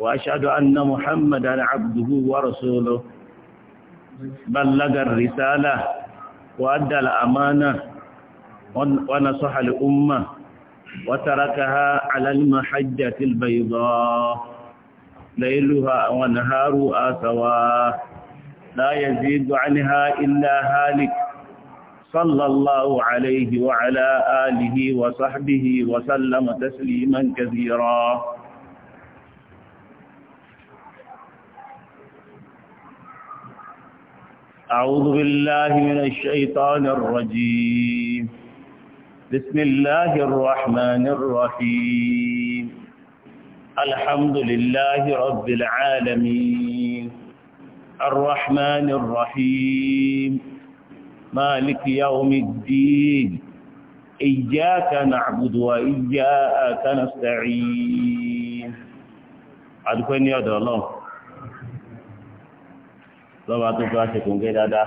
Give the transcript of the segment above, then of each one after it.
وأشهد أن محمدا عبده ورسوله بلغ الرسالة وأدى الأمانة ونصح الأمة وتركها على المحجة البيضاء ليلها ونهارها سواء لا يزيد عنها إلا هالك صلى الله عليه وعلى آله وصحبه وسلم تسليما كثيرا أعوذ بالله من الشيطان الرجيم بسم الله الرحمن الرحيم الحمد لله رب العالمين الرحمن الرحيم مالك يوم الدين إياك نعبد وإياك نستعين أدخلني يا الله lọ́ba tó fẹ́ àṣekò ń gẹ́ dáadáa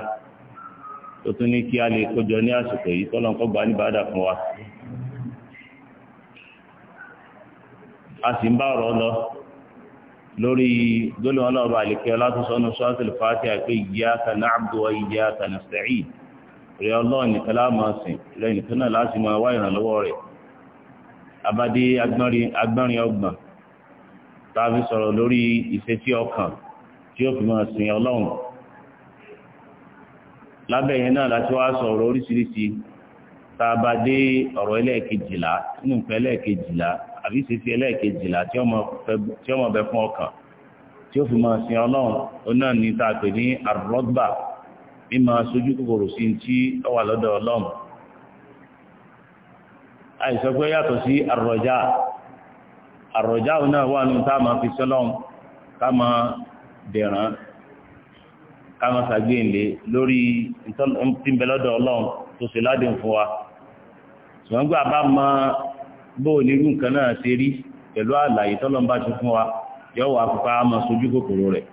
tó tún ní kí a lè kójọ ní àsìkò yìí tọ́lọ́ nǹkan gbà níbàdà fún wa. a sì ń bá ọ̀rọ̀ lọ lórí gbólóhùn wa iyyaka nasta'in rẹ ọlọ́run nìkan láàmọ́ sìn rẹ nìkan náà láti máa wá ìrànlọ́wọ́ rẹ̀ abadé agbọ́nrin ọgbọ̀n tàbí sọ̀rọ̀ lórí ìfẹ́ tí ọkàn tí ó fi máa sìn ọlọ́run lábẹ́ yẹn náà láti wá sọ̀rọ̀ oríṣiríṣi tá a bá dé ọ̀rọ̀ ẹlẹ́ẹ̀kejìlá nínú nǹkan ẹlẹ́ẹ̀kejìlá àbí ìṣesí ẹlẹ́ẹ̀kejìlá tí ọmọ bẹ fún ọkàn tí ó fi máa sin ọlọ́run ó náà ní tá a pè ní àrọ́gbà mímọ sojú kòkòrò sí tí ó wà lọ́dọ̀ ọlọ́run àìsọ pé yàtọ̀ sí àrọ̀já àrọ̀já náà wà nù tá máa fi sọ́lọ́run ká máa dẹ̀ràn káwọn ṣàgbéǹde lórí tí ń bẹ lọ́dọ̀ ọlọ́run tó ṣe ládùn fún wa ṣùgbọ́n gbà bá mọ bó o nírú nǹkan náà ṣe rí pẹ̀lú àlàyé tọ́lọ́mbà ti fún wa yóò wá fipá máa sojú kòkòrò rẹ̀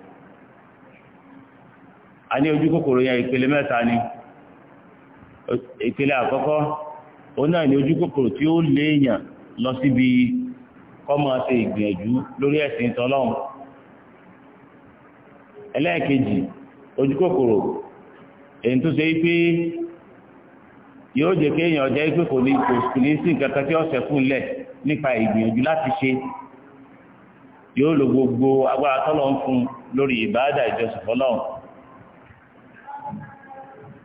a ní ojú kòkòrò yẹn ìpele mẹ́ta ni ìpele àkọ́kọ́ ó náà ní ojú kòkòrò tí ó léèyàn lọ síbi kọ́mọ ṣe ìgbìyànjú lórí ẹ̀sìn tọ́lọ́run ẹlẹ́ẹ̀kejì ojúkòkòrò èyí tó ṣe pé yóò jẹ́ kéèyàn ọjọ́ pé kò ní kò ní sí nǹkan tí ọ̀sẹ̀ fún lẹ̀ nípa ìgbìyànjú láti ṣe yóò lo gbogbo agbára tọ́lọ̀ ń fún lórí ìbáàdà ìjọsìn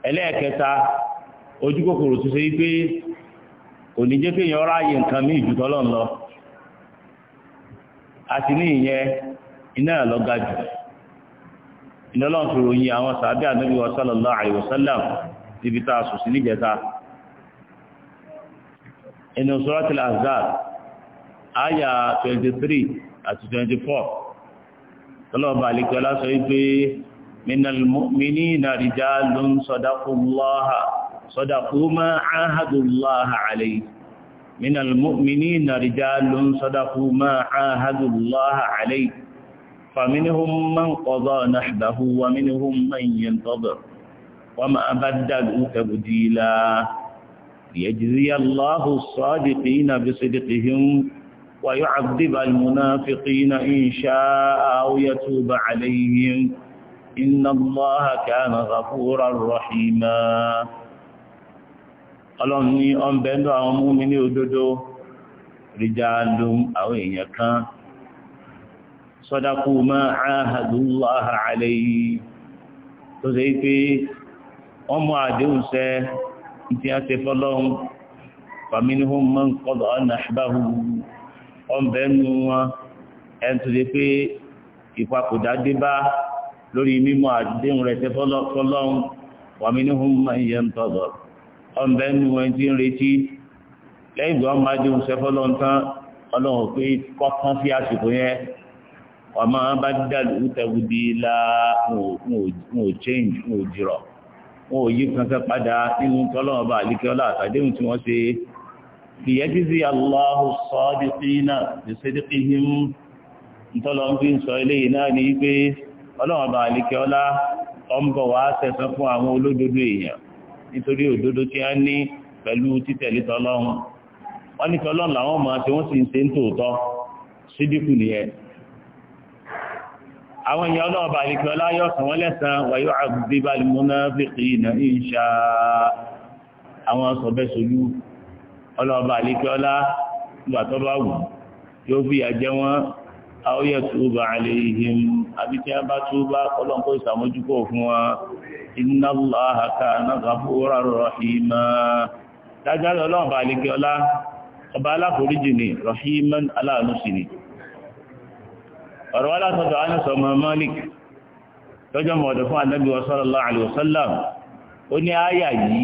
ẹlẹ́ẹ̀kẹta ojúkòkòrò tó ṣe kò ní jẹ́ nǹkan mí ìjù tọ́lọ̀ ń lọ àti ní ìyẹn iná ìlọ́lọ́n fi ròyìn àwọn sàábí ànábì wa sallallahu alaihi wasallam níbi tá a sùn sí níjẹta inú suratul Ahzab àyà 23 àti 24 tọ́lọ́ọ̀bà àlekọ́lá sọ wípé minal mu'minina rijalun sadaqullaha sadaqu ma ahadullaha alayhi minal mu'minina rijalun sadaqu ma ahadullaha alayhi فمنهم من قضى نحبه ومنهم من ينتظر وما بدلوا تبديلا ليجزي الله الصادقين بصدقهم ويعذب المنافقين إن شاء أو يتوب عليهم إن الله كان غفورا رحيما قالوا أن بين المؤمنين àwọn رجالهم أو إن òdodo sọ́dákù máa àhàdùláhà àlẹ́yìí tó ṣe pé wọ́n mú àdéhùn ṣẹ ìtì àti fọ́lọ́hun fàmínúhùn mọ́ ń kọ́lọ̀ ọ̀nà àṣìbáhù ọ̀bẹ̀ nù wọn ẹn tó ṣe pé ìpapòdà dé bá lórí mímọ́ àdéhùn rẹ̀ ṣẹ fọ́lọ́hun fàmínúhùn mọ́ ń retí lẹ́yìn máa dé oṣù ọlọ́run pé kọ́kán sí àsìkò yẹn ọmọ bá dàlú tẹ̀wùdílá wọn ò change wọn ò jìrọ̀ wọn ò yí kankan padà nínú tọ́lọ́wọ́ bá àlíkẹ́ ọlá àtàdéhùn tí wọ́n ṣe kìyẹ́jìzì Allahu sadiqina bi sidqihim ntọ́lọ́wọ́n fi ń sọ ilé yìí náà ní pé ọlọ́wọ́ bá àlíkẹ́ ọlá ọmọ wa sẹ̀sán fún àwọn olódodo èèyàn nítorí òdodo tí a ní pẹ̀lú títẹ̀lé tọ́lọ́wọ́n wọ́n ní tọ́lọ́wọ́n làwọn máa ṣe wọ́n sì ń ṣe ń tòótọ́ sídìkù nìyẹn àwọn èèyàn ọlọ́ọ̀bà àríkẹ́ ọlá yóò san wọ́n lẹ́san wa yu'adhibu al-munafiqina in sha'a àwọn sọ̀bẹ́sọ̀lú ọlọ́ọ̀bà àríkẹ́ ọlá gbà tó bá wù yóò fi àjẹ́ wọn àwòyẹ tuba alayhim àbíkẹ́ bá túbà ọlọ́nkọ́ ìsàmójúkọ̀ fún wọn inna Allaha kana ọ̀rọ̀ alásọ̀tọ̀ anásọ̀ ọmọ malik tọ́jọ́ mọ̀ọ̀dọ̀ fún anábì sallallahu alaihi wasallam ó ní àyà yìí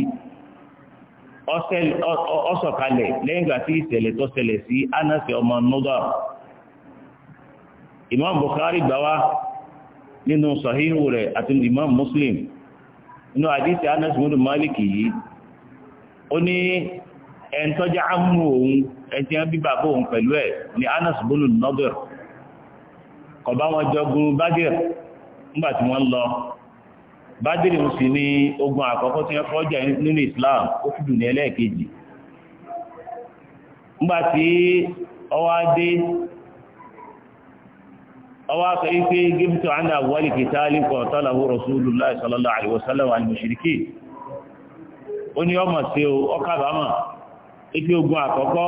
ọ̀sọ̀kalẹ̀ lẹ́yìn ìgbà imam malik ámú òun ẹ̀ńtí bí bàbá òun pẹ̀lú ẹ̀ ni kọba wọn jọgun bádìr nígbà tí wọ́n lọ bádìr ń sì ní ogun àkọ́kọ́ tí wọ́n fọ́jà nínú Islam ó fi dùn ní ẹlẹ́ẹ̀kejì nígbà tí ọwọ́ adé ọwọ́ sọ ipé gíbtò àndà wọlì kìtàlì kọ̀ọ̀tọ́làwó Rasulullah sallallahu wasallam al-mushriki ó ní ọmọ sí ọkàbámọ̀ ipé ogun àkọ́kọ́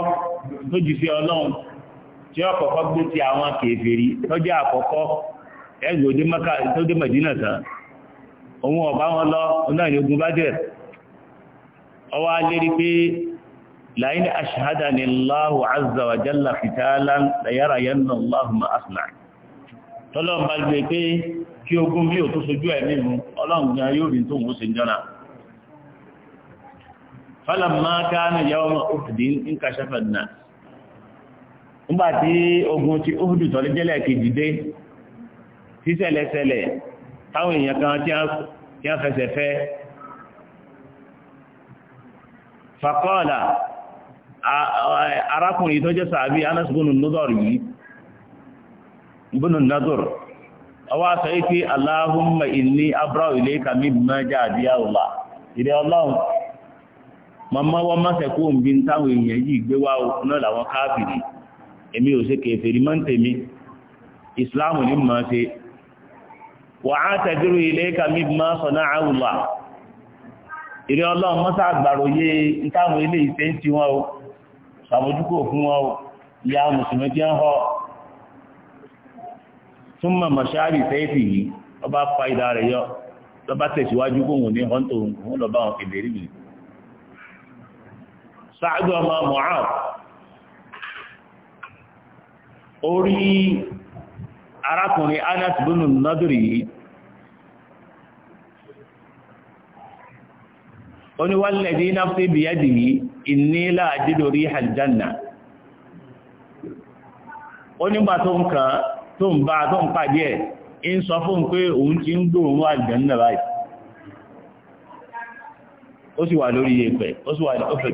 tó jù sí tí ó kọ́kọ́ gbé ti àwọn kèfèrí tọ́jú àkọ́kọ́ ẹgbẹ́ òde maka tó dé mẹ̀dínà tán òun ọ̀bá wọn lọ náà ní ogun bádẹ̀ ọwọ́ alérí pé láyín aṣáhádà ni láhù azàwàjálà fìtàlá láyára yẹn ma asìnà tọ́lọ́n bá gbé in kashafa an-nas nígbàtí ogun ti óhùdù tọ́lé jẹ́lẹ̀ kejì dé sísẹ̀lẹ̀sẹ̀lẹ̀ táwọn èèyàn kan tí a fẹsẹ̀ fẹ́ fàkọ́ọ̀lá arákùnrin tó jẹ́ sàábí Anas bónú nọ́dọ̀rù inni mọ́sẹ̀kú táwọn èèyàn yìí gbé wá náà làwọn èmi ò ṣe kèfèrí máa ń tèmi ìsìláàmù ní màá ṣe wà á tẹ̀dúró ilé kàmí máa sọ náà àwùlà ìrẹ́ ọlọ́run mọ́sá àgbàròyé ìtàwọn ilé ìfẹ́ ń ti wọn o ṣàmójúkò fún wọn o ìyá mùsùlùmí tí ń họ tún mọ̀ mọ̀ṣáàrì fẹ́ẹ̀fì yìí ọba fa ìdá rẹ̀ yọ lọ́ba tẹ̀síwájú kóhùn ní họ́ńtò òun lọ́ba àwọn mi sáájú orí arákùnrin Anas bin Nadri yìí ní walladhi nafsi biyadihi inni la ajidu riha al tó ń kàn tó ń bá tó ń pàdé ẹ̀ sọ fún pé òun ti ń gbóòrùn ó sì wà lórí ẹ̀pẹ̀ ó sì wà lórí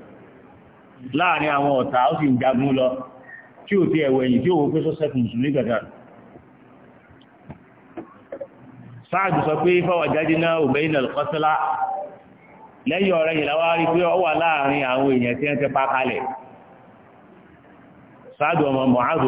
láàrin àwọn ọ̀tá ó sì ń jagun lọ tí ò ti ẹ̀wẹ̀yìn tí ó wo pé Sa'adu mùsùlùmí gàdà sáàdù sọ pé fáwọn jáde náà ò bẹ́yìn lẹ́yìn ọ̀rẹ́ yìí pé ó wà láàrin àwọn èèyàn tí wọ́n ti pa kalẹ̀ sáàdù ọmọ ti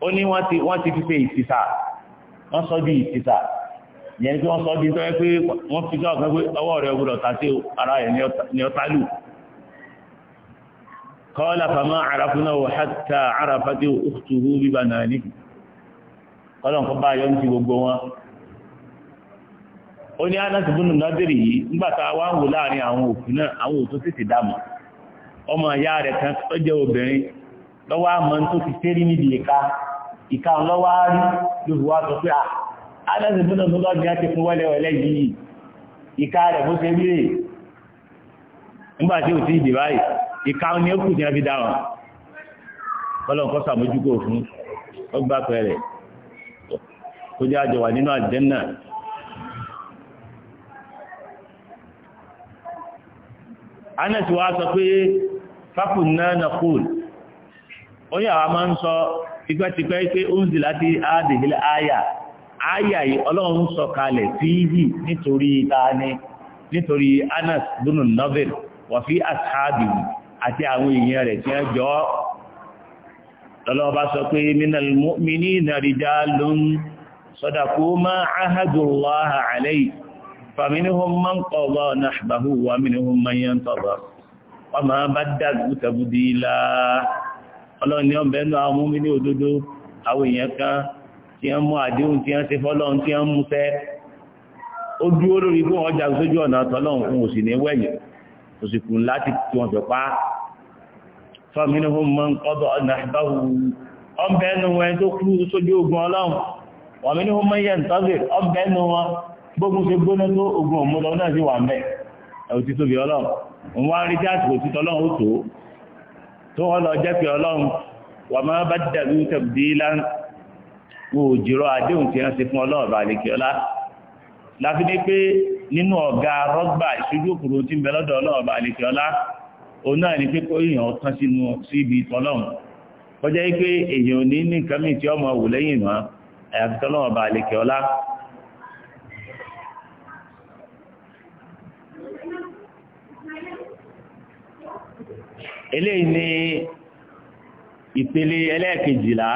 ó ní wọ́n ti fi ṣe ìtìsà wọ́n sọ di ìtìsà yẹn ni wọ́n sọ di tọ́ pé wọ́n fi sọ ọ̀kan pé ọwọ́ rẹ̀ gbọ́dọ̀ ara rẹ̀ ní ọ̀tá lù kọ́lá fama àràfúnà wò hàtà àràfàtì òkùtùhù náà ní kọ́lọ̀ nǹkan bá yọ ti gbogbo wọn ó ní búnú nádìrí yìí nígbàtà wò láàrin àwọn òkú náà àwọn òtún sì ti ọmọ ìyá rẹ̀ ìka ọlọ́wà rí lórí wá sọ pé ah, àádọ́sì fún ọdún lọ́gbìn ti fún wẹ́lẹ́wẹ́lẹ́ yìí ìka rẹ̀ bó ṣe ríre nígbà tí ò sí ìdè báyìí ìka ni ó kù tí wọ́n fi dáhùn kọ́lọ́nkọ́ sàmójúkò fún ọgbà pẹ̀rẹ̀ kó jẹ́ àjọ wà nínú àjẹ́nà Anas wa sọ pé fákùn náà nà kúl ó yà wá máa ń sọ tipẹ́tipẹ́ pé ó ń zì láti àádìhílẹ̀ àyà àyà yìí ọlọ́run sọ kalẹ̀ fíhì nítorí tani nítorí anas dunu novel wà fí àtàdì àti àwọn èèyàn rẹ̀ tí wọ́n jọ lọ́lọ́wọ́ bá sọ pé minal mu'minina rijalun sadaqu ma ahadullaha alayhi faminhum man qada nahbahu wa minhum man yantazir wa ma baddalu tabdila ọlọ́run ní ọbẹ̀ nù àwọn múmi ní òdodo àwọn èèyàn kan tí wọ́n mú àdéhùn tí wọ́n ṣe fọ́lọ́run tí wọ́n mú fẹ́ ó dúró lórí fún ọjà sójú ọ̀nà tọ́lọ́run fún òsì ní wẹ̀yìn òsìkù láti tí wọ́n fẹ́ pa fọ́mínú fún mọ́ ọdọ̀ ọ̀nà ìbáwù ọbẹ̀ẹ́nu wọn tó kú sójú ogun ọlọ́run wọ́n mínú fún mọ́yẹ̀ ìtọ́sì ọbẹ̀ẹ́nu wọn gbógun ṣe gbóná tó ogun ọmọdé náà sí wà mẹ́ ẹ̀ tó wọ́n lọ jẹ́ pé ọlọ́run wà máa bá dàbí tẹ̀bùdí lánà wọn ò jìrọ àdéhùn tí wọ́n ṣe fún ọlọ́run bá lèkè ọlá láfi ní pé nínú ọ̀gá rọ́gbà ìṣojú òkúrò tí ń bẹ lọ́dọ̀ ọlọ́run bá lèkè ọlá òun náà ni pé kó èèyàn tán sínú síbi tọ́lọ́run kọjá yìí pé èèyàn ò ní mìíràn tí ọmọ wò lẹ́yìn náà àyàfi tọ́lọ́run bá ọlá eléyìí ni ìpele ẹlẹ́ẹ̀kejìlá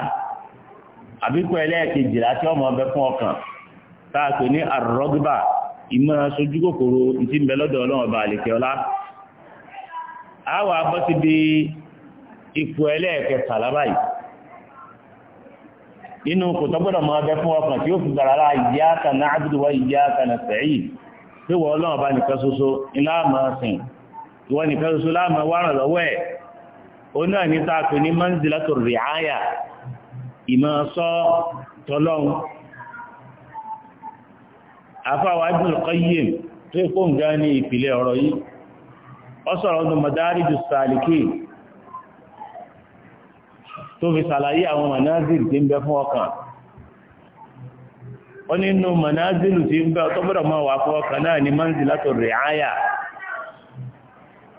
àbíkú ẹlẹ́ẹ̀kejìlá tí ọmọ ọbẹ̀ fún ọkàn táàpẹ̀ ní àrọ́gbà ìmọ̀ sojú kòkòrò tí ń bẹ lọ́dọ̀ ọlọ́run ọba àlèkẹ́ ọlá àwọ̀ abọ́ ti di ipò ẹlẹ́ẹ̀kẹtàlá báyìí nínú kò tọ́gbọ́dọ̀ mọ ọbẹ̀ fún ọkàn tí ó fi gbàrà wọ́n ọlọ́run ọba nìkan ṣoṣo ńlá máa sìn ìwọ nìkan ṣoṣo láàmú wá ràn lọ́wọ́ ẹ̀ ó náà ní tá a pè ní manzilatu riaya ìmọ̀ sọ tọlọ́hun afáwà Ibnul Qayyim tó kó nǹkan ní ìpìlẹ̀ ọ̀rọ̀ yìí ọ sọ̀rọ̀ ọdún Madariju Salikin tó fi ṣàlàyé àwọn manazil tí ń bẹ fún ọkàn ó nínú manazil tí ń bẹ tó gbọ́dọ̀ máa wà fún ọkàn náà ní manzilatu riaya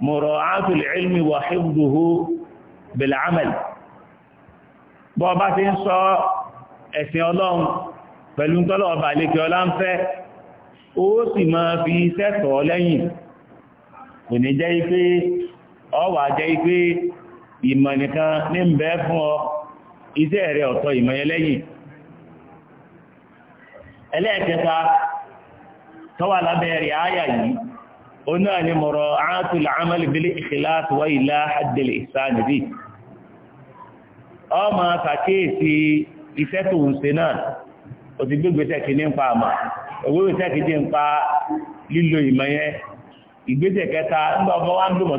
mura'atul ilmi wa hifduhu bil amal bọ́ bá ti ń sọ ẹ̀sìn ọlọ́run pẹ̀lú tọ́lọ̀ ọba àlékẹ́ ọlá ń fẹ́ ó sì máa fi iṣẹ́ tọ̀ lẹ́yìn kò ní jẹ́ ipé ọwà jẹ́ ipé ìmọ̀ nìkan ní ń bẹ fún ọ iṣẹ́ rẹ̀ ọ̀tọ̀ ìmọ̀yẹ lẹ́yìn ẹlẹ́ẹ̀kẹta tọ́wà lábẹ́ rẹ̀ áyà yìí onáà ni mọ̀rọ̀ áàtùl àmàlì bílé ìṣìláàtù wá ìlà àdèlè ìsáàdì bí iṣẹ́ tó ń náà o ti gbégbé tẹ́kì ní pa àmà òwúrò tẹ́kì ní pa lílo ìmọ̀ ìgbésẹ̀ kẹta ńgbà ọmọ ń dùnmọ̀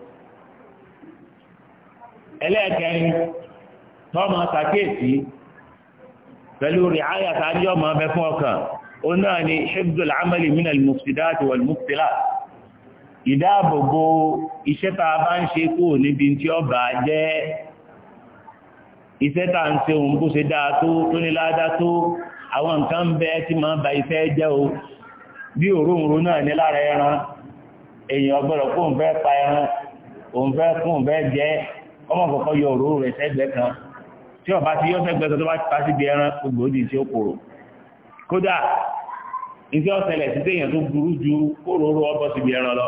ẹlẹ́ẹ̀kẹrin tọ́mọ sàkéèsì pẹ̀lú rí àyàtà ní ọmọ ọbẹ̀ fún ọkàn ó náà ni ṣébùdó àmàlì mínà mùsùlùmí àti wọ̀lú mùsùlùmí ìdáàbòbò iṣẹ́ tá a bá ń ṣe kú níbi tí ó bà jẹ́ iṣẹ́ tá ń ṣe òun bó ṣe dáa tó tó ní ládá tó àwọn nǹkan bẹ tí máa ba iṣẹ́ jẹ́ o bí òróǹro náà ní lára ẹran èèyàn ọgbọ́dọ̀ kó ń fẹ́ pa ẹran òun fẹ́ kó ń fẹ́ jẹ́ ọmọ kọ̀ọ̀kan yọ òróró rẹ̀ sẹ́gbẹ́ kan tí ọba ti yọ sẹ́gbẹ́ kan tó bá pa síbi ẹran gbogbo òdì tí ó kòrò kódà ìfẹ́ ọ̀sẹ̀lẹ̀ sí téèyàn tó burú ju kóróró ọbọ̀ síbi ẹran lọ.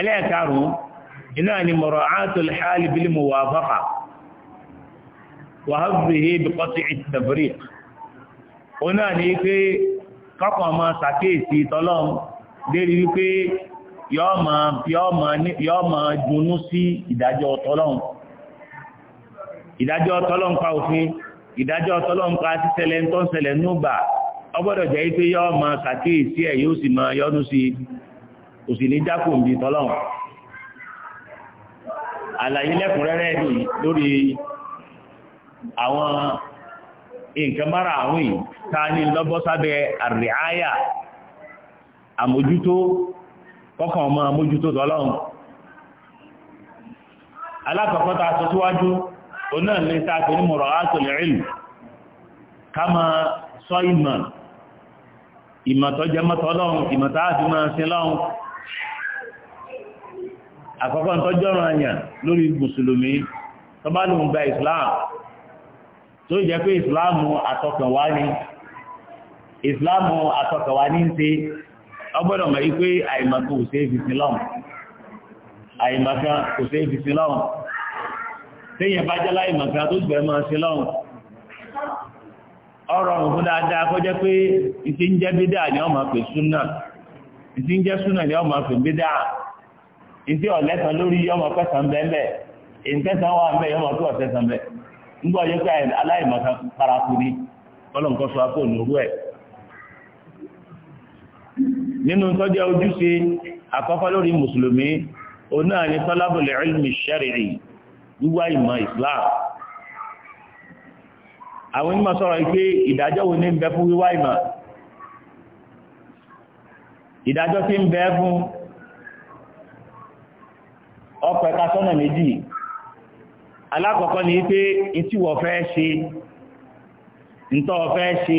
ẹlẹ́ẹ̀karùn-ún iná ni mọ̀rọ̀ áàtòlù hálì bílímù wà fọ́fà wàhálùbìhì bíkọ́tì ìtàbírí ó náà ní pé kọ́kàn máa ṣàkíyèsí tọ́lọ́m dérí wípé yọ́ mọ̀ dunú sí ìdájọ́ ọ̀tọ́lọ́hun ìdájọ́ ọ̀tọ́lọ́hun pa òfin ìdájọ́ ọ̀tọ́lọ́hun pa sísẹlẹ̀ tó ń ṣẹlẹ̀ núgbà ọgbọ́dọ̀ jẹ́ pé yọ́ mọ̀ kàkíyèsí ẹ̀ yóò sì mọ̀ yọ́nú sí òsì ní jákòmí tọ́lọ́hun àlàyé lẹ́kùnrẹ́rẹ́ lórí àwọn nǹkan mara àwọn yìí ta ní lọ́bọ́ sábẹ́ àríáyà àmójútó kọ́kàn ọmọ amójútó tọ́lọ́run alákọ̀ọ́kọ́ ta sọ síwájú oná lè sáàpẹ̀ ní mọ̀rọ̀ átòlẹ̀ ìlú ká máa sọ ìmọ̀ ìmọ̀tọ́ jẹmọ́tọ́ lọ́run ìmọ̀tá àti máa sin lọ́run àkọ́kọ́ ń tọ́jọ́rọ̀ àyàn lórí mùsùlùmí tó bá lóun gba islam tó jẹ́ ní ń ṣe ọgbọ́dọ̀ mọ̀ yí pé àìmọ̀kan kò ṣe é fi sílọ́m àìmọ̀kan kò ṣe é fi sílọ́m téèyàn bá jẹ́ láìmọ̀kan tó gbẹ̀ mọ́ sílọ́m ọ̀rọ̀ ọ̀rùn fún dáadáa kó jẹ́ pé ń jẹ́ ni ọmọ pè súnà ń jẹ́ súnà ni ọmọ pè lórí ọmọ pẹ̀sàn bẹ́ẹ̀ ìtẹ́sàn wà bẹ́ẹ̀ nínú tọ́jẹ́ ojúṣe àkọ́kọ́ lórí mùsùlùmí o náà ni tọ́lábùlẹ̀ ilmi ṣẹ́rìrì wíwá ìmọ̀ islam àwọn onímọ̀ sọ̀rọ̀ pé ìdájọ́ wo ní ń bẹ fún wíwá ìmọ̀ ìdájọ́ tí ń bẹ fún ọpẹ kásọ́nà méjì alákọ̀ọ́kọ́ ni pé ìtìwọ̀ fẹ́ ṣe ìtọ́ fẹ́ ṣe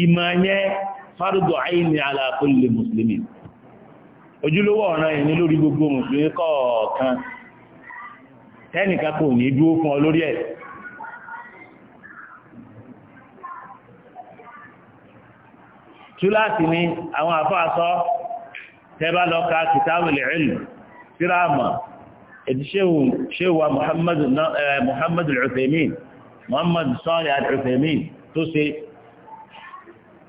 ìmọ̀ yẹn fárúdọ̀ àìní aláàkólè mùsùlùmí ojúlówó ọ̀ràn ìní lórí gbogbo mùsùlùmí kọ̀ọ̀kan tẹ́nìkan kò ní dúró fún ọ lórí ẹ̀ ni àwọn àfáàsọ́ tẹ́bá lọ ka kìtàbùl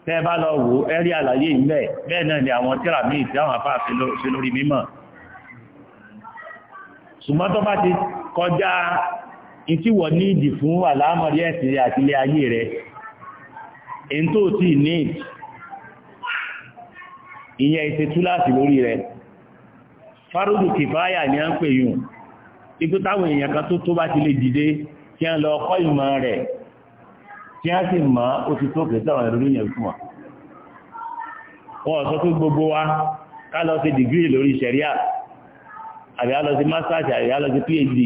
tẹ́ bá lọ wò ẹ́rí àlàyé ilẹ̀ bẹ́ẹ̀ náà ni àwọn tíra míì tí àwọn afáà ṣe lórí mímọ̀ ṣùgbọ́n tó bá ti kọjá ìtíwọ̀ ní ìdì fún àlámọ̀rí ẹ̀sìn rẹ̀ àti ilé ayé rẹ̀ èyí tó tí ní ìyẹn ìṣètú láti lórí rẹ̀ fárúdù kìfáyà ni a ń pè yùn ipò táwọn èèyàn kan tó tó bá ti lè dìde kí wọ́n lọ kọ́ ìmọ̀ rẹ̀ tí a sì mọ́ ó ti tó kẹta àwọn ìrònú yẹn fún wa wọ́n sọ pé gbogbo wa ká lọ sí dìgírì lórí ṣẹ̀ríà àbí á sí masters àbí á sí phd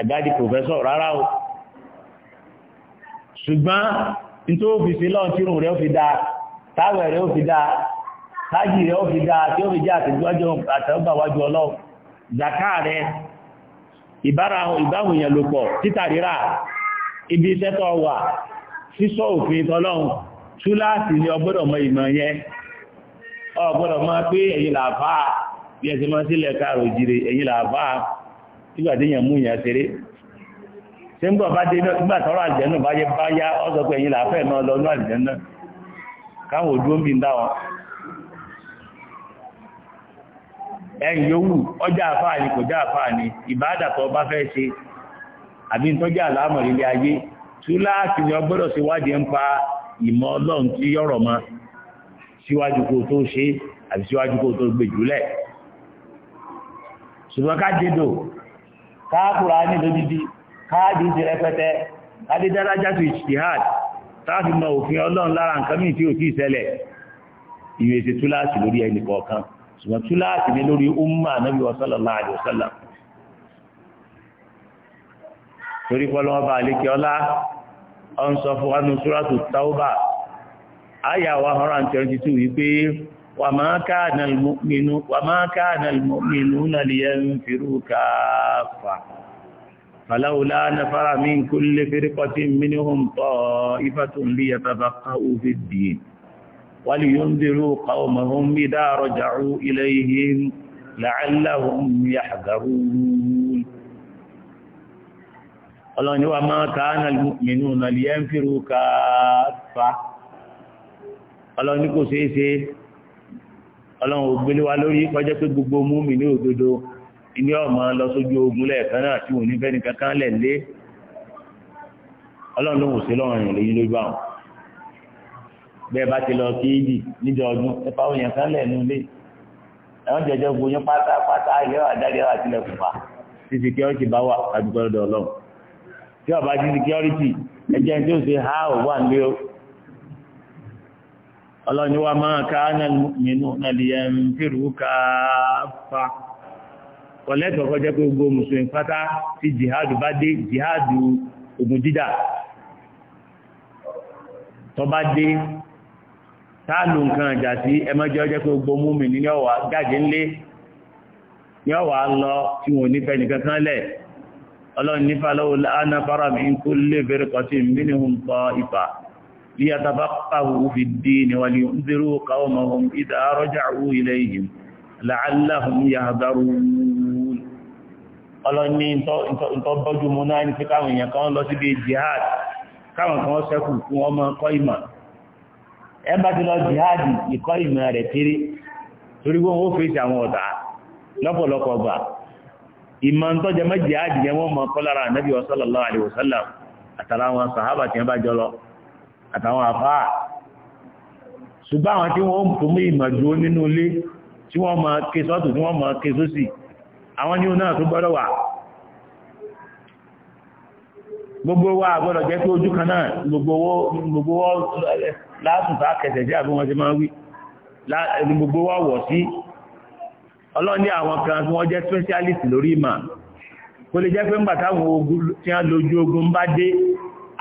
àgbádi professor rárá o ṣùgbọ́n tó fi sí lọ́n tí rùn rẹ̀ ó fi dáa táwẹ̀ rẹ̀ ó fi dáa tájì rẹ̀ ó fi dáa tí ó fi jẹ́ àtẹ̀gbọ́jọ́ àtẹ̀gbàwájú ọlọ́run zaka rẹ̀ ìbáhùn èèyàn lò pọ̀ títà rírà ibi iṣẹ́ tó wà sísọ òfin tọ́lọ́run túláàsì ni ọgbọ́dọ̀ mọ ìmọ̀ yẹn ọgbọ́dọ̀ máa pé ẹ̀yin làbá bí ẹsẹ̀ máa sílẹ̀ káàrò jire ẹ̀yin làbá nígbàdé yẹn mú yẹn ṣeré ṣé ń bọ̀ bá dé nígbà tọ́rọ àjẹ́ náà bá yẹ bá yá ọ sọ pé ẹ̀yin làfẹ́ náà lọ ní àjẹ́ náà káwọn òdúró ń bí ń dá wọn ẹ̀yìn yòówù ọjà àfáà ni kò já àfáà ni ìbáàdà bá fẹ́ ṣe àbí ń tọ́jà àlámọ̀ ilé ayé túláàtì ni ọgbọ́dọ̀ ṣèwádìí ń pa ìmọ̀ ọlọ́run tí yọ̀rọ̀ mọ́ síwájú kó tó ṣe àti síwájú kó tó gbè jùlẹ̀ ṣùgbọ́n ká káàkùrà ní lódìdí káàdì ti rẹpẹtẹ adédárájá tó ìṣìhàd táàfi mọ òfin ọlọ́run lára nǹkan mìí tí ò tí ìṣẹlẹ̀ lórí ẹnì kọ̀ọ̀kan ṣùgbọ́n lórí umma nabi wasallam ọ̀n sọ fún wánú súrátù taubá ayà 122 wípé wà máa káànà alìmọ̀mìnú na lè ń firú káàfà fàláwùlá na fara min kulle firkọtí minihun tọ́ ifatun lè yà tàbàkà òfin dìín wàlì yóò ń dirú kàwọ̀mọ̀hún bí dáàrọ̀ jàrú ilẹ̀ yìí la'allahum yahzarun ọlọ́run ni wà máa káánà mìínú nà lè ń fìrú káàfà ọlọ́run ní kò ṣeé ṣe ọlọ́run ò gbélé wa lórí kọjá pé gbogbo mú mi ní òdodo ilé ọmọ lọ sójú ogun lẹ́ẹ̀kan náà tí òun nífẹ̀ẹ́ nìkan kan lẹ̀ lé ọlọ́run ló ń ṣe lọ́rùn ìrìn lóyún lójú àwọn bẹ́ẹ̀ bá ti lọ kí yìí níjọ ọdún ẹ̀fà òyìn kan lẹ̀ nù lé ẹ̀wọ́n jẹjẹ gbóyún pátápátá ilé wà dáadé wà tilẹ̀ kí ọ tí ọba jí security ẹjẹ tí ó ṣe ha ò wà ní o ọlọ́ni wa máa ká nínú nàlìyẹ ń fèrú ká fa kọ̀lẹ́tọ̀ kọjá pé gbogbo mùsùlùmí pátá tí jihadu bá dé jihadu ogun jíjà tọba dé táàlù nǹkan àjà sí ẹmọ́jọ́ ọjọ́ pé gbogbo múmi ní ọwà jáde ńlé ní ọwà lọ tí wọn ní fẹ́ nìkan kan lẹ̀ ọlọ́run nífà lọ́wọ́ láàánà fara mi kú lè bẹ̀rẹ̀ kọtí mínihun tọ́ ìfà bí a tàbá pàwọ̀ fi dí ni wà ní ìdírú kawọ́mọ̀hún ìdá rọ́jà wú ilẹ̀ yìí láàláhùn ya dárú ọlọ́run ní ìtọ́ bọ́jú mú náà ní pé káwọn èèyàn lọ́pọ̀lọpọ̀ gbà ìmọ̀ ń tọ́jẹ mọ́ jihad yẹn wọ́n mọ̀ kọ́ lára ànábì sallallahu alaihi wasallam àtàrà àwọn sàhábà tí wọ́n bá jọ lọ àtàwọn àfáà ṣùgbọ́n àwọn tí wọ́n tó mú ìmọ̀ dúró nínú ilé tí wọ́n mọ̀ ké sọ́tù tí wọ́n mọ̀ ké sósì gbogbo wa gbọ́dọ̀ jẹ́ pé ojú kan náà gbogbo wọ́ látùtà kẹsẹ̀ jẹ́ àbí ti máa wí gbogbo wa wọ̀ sí ọlọ́run ní àwọn kan tí wọ́n jẹ́ specialist lórí ìmọ̀ kó lè jẹ́ pé ńgbà táwọn ogun tí wọ́n lójú ogun bá dé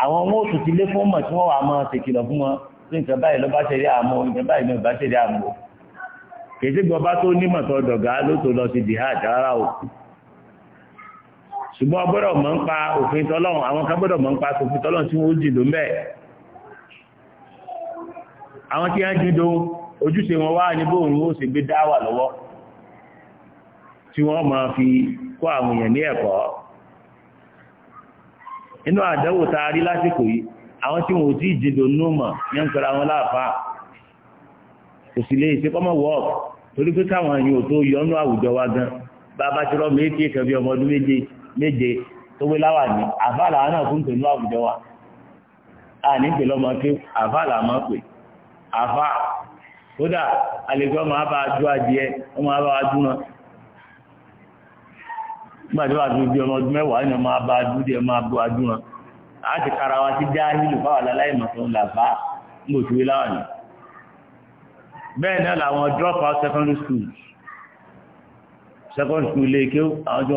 àwọn ọmọ òtún ti lé fún mọ̀ tí wọ́n wà máa ṣèkìlọ̀ fún wọn pé nǹkan báyìí ló bá ṣeré àmọ́ nǹkan báyìí ló bá ṣeré àmọ́ kèsì gbọba tó nímọ̀ tó dọ̀gá ló tó lọ sí jihad rárá o ṣùgbọ́n gbọ́dọ̀ mọ̀ ń pa òfin tọ́lọ́run àwọn kan gbọ́dọ̀ mọ̀ ń pa òfin tọ́lọ́run tí wọ́n ó dìlò mẹ́ àwọn tí wọ́n jí do ojúṣe wọn wá ní bóun ó sì gbé dáwà lọ́wọ́ tí wọ́n máa fi kọ́ àwọn èèyàn ní ẹ̀kọ́ inú àdánwò tá a rí lásìkò yìí àwọn tí wọn ò tí ì jìndò nù mọ̀ ní ń pẹ̀lú àwọn láàfáà kò sì lè ṣe kọ́mọ̀ wọ́ọ̀kì torí pé káwọn èèyàn ò tó yọnú àwùjọ wa gan bàbá tí rọ́ méjì kan bí ọmọ ọdún méje méje tó wé láwà ní àfàlà náà fún pẹ̀lú àwùjọ wa a ní pẹ̀lú ọmọ pé àfàlà máa pè àfà kódà àlejò ọmọ àbá ju adìẹ ọmọ àbá wa gbàdúrà tó bí ọmọ ọdún mẹ́wàá ni ọmọ abá dúdẹ máa bọ adúran a ti kara wa ti dá nílùú fáwọn aláìmọ̀ tó ń là bá ń bò síwé láwọn ni bẹ́ẹ̀ náà làwọn drop out secondary school secondary school lè ké àwọn jọ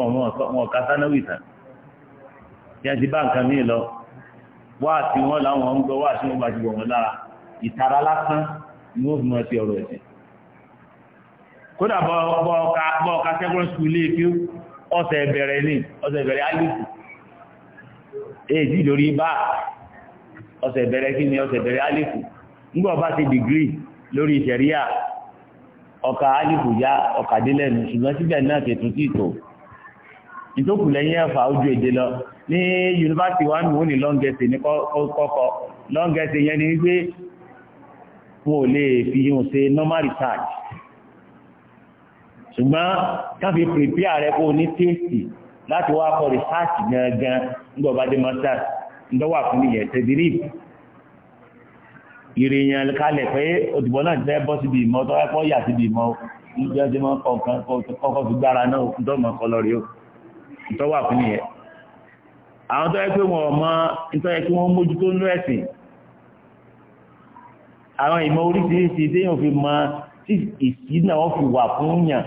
wọn ká sánáwì tán tí a ti bá nǹkan míì lọ wá àti wọn làwọn ń gbọ́ wá àti wọn bá ti wọ̀ wọn lára ìtara lásán ni wọ́n fi mọ̀ sí ọ̀rọ̀ ẹ̀sìn kódà bọ́ ọ̀ka secondary school lè ké ọ̀sẹ̀ ìbẹ̀rẹ̀ ní alifu èyí lórí bá ọ̀sẹ̀ ìbẹ̀rẹ̀ kí ni alifu nígbà ọba ti dìgírì lórí ìṣẹ̀ríà ọka alifu já ọ̀ka ṣùgbọ́n síbẹ̀ náà sí ìtò lẹ́yìn ẹ̀fà ojú èdè lọ ní yunifásitì wa ní lọ́ngẹ̀sì ní kọ́kọ́ lọ́ngẹ̀sì yẹn ni wípé ò lè fi ṣùgbọ́n káfí pèpìà rẹ kó o ní téèsì láti wá kọ rìsáàtì gangan nígbà ọba dé masters ńdọ́wà fún ìyẹn tẹ̀dírì ìrìyàn kalẹ̀ pé òdìbò náà ti fẹ́ bọ́ síbi ìmọ̀ tó wáyé pọ́ yà síbi ìmọ̀ níbi ọdún mọ́ kọ̀ọ̀kan kọ́kọ́ fi gbára náà ńdọ́mọ̀ kọlọ́rì ó ńdọ́wà fún ìyẹn àwọn tó yẹ pé wọn ọmọ nítorí yẹ kí wọ́n mójútó nú ẹ̀sìn àwọn ìmọ̀ oríṣiríṣi téèyàn fi mọ tí ìsí náà wọ́n fi wà fún yàn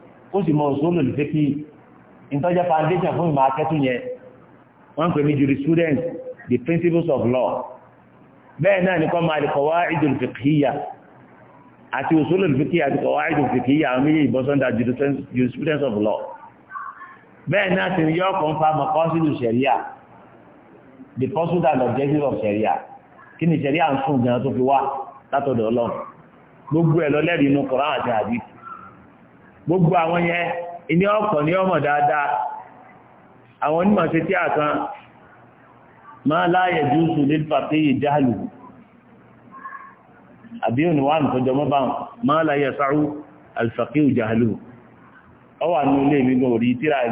ó sì mọ òṣòlò lè fẹ́ kí ìtọ́jà foundation fún ìmọ̀ akẹ́tù yẹn wọ́n ń pè ní jurisprudence the principles of law bẹ́ẹ̀ náà ni kọ́ máa lè kọ̀wá ìdòlù fìkìyà àti òṣòlò lè fìkìyà àti kọ̀wá ìdòlù fìkìyà àwọn méjì ìbọ́sọ́ndà jurisprudence of law bẹ́ẹ̀ náà ti ní yọ́ọ̀kọ̀ ń fa mọ̀kọ́sílù sẹ̀ríà the pursuit and objective of sẹ̀ríà kí ni sẹ̀ríà ń sùn gan tó fi wá látọ̀dọ̀ ọlọ́run gbogbo ẹ̀ lọ́lẹ́rìí inú Kùránì àti àdìsí gbogbo àwọn yẹn ìní ọkọ̀ ní ọmọ dáadáa àwọn onímọ̀ ṣe tí àkan máa láàyè júùsù lè pàtẹ́ ìdáàlù àbí òní wà nìtọ́jọ́ mọ́ máa láàyè sáárù alfàkí ìjáàlù ọ wà ní ilé mi gan orí tíra ẹ̀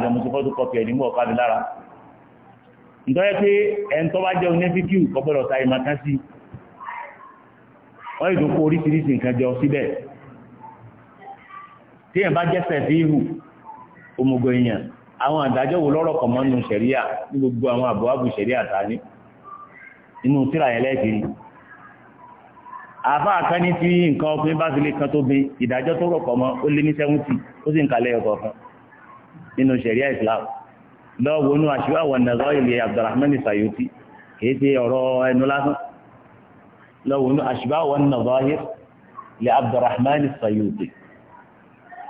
lára téèyàn bá jẹ́sẹ̀ sí ihù òmùgò èèyàn àwọn àdájọ́ wo lọ́rọ̀ kọ̀ mọ́nu sẹ̀ríà ní gbogbo àwọn àbúwábù sẹ̀ríà ta ní nínú tíra yẹn lẹ́ẹ̀kiri àfa àkání tí nǹkan ọkùnrin bá fi lè kan tó bin ìdájọ́ tó rọ̀ kọ̀ mọ́ ó lé ní sẹ́wọ́ntì ó sì ń kalẹ̀ ọkọ̀ kan nínú sẹ̀ríà Islam lọ́wọ́ inú àṣíwá wọ̀ nàzọ́ ilẹ̀ Abdurrahman Sayuti kìí ṣe ọ̀rọ̀ ẹnu lásán lọ́wọ́ inú àṣíwá wọ̀ nàzọ́ ilẹ̀ Abdurrahman Sayuti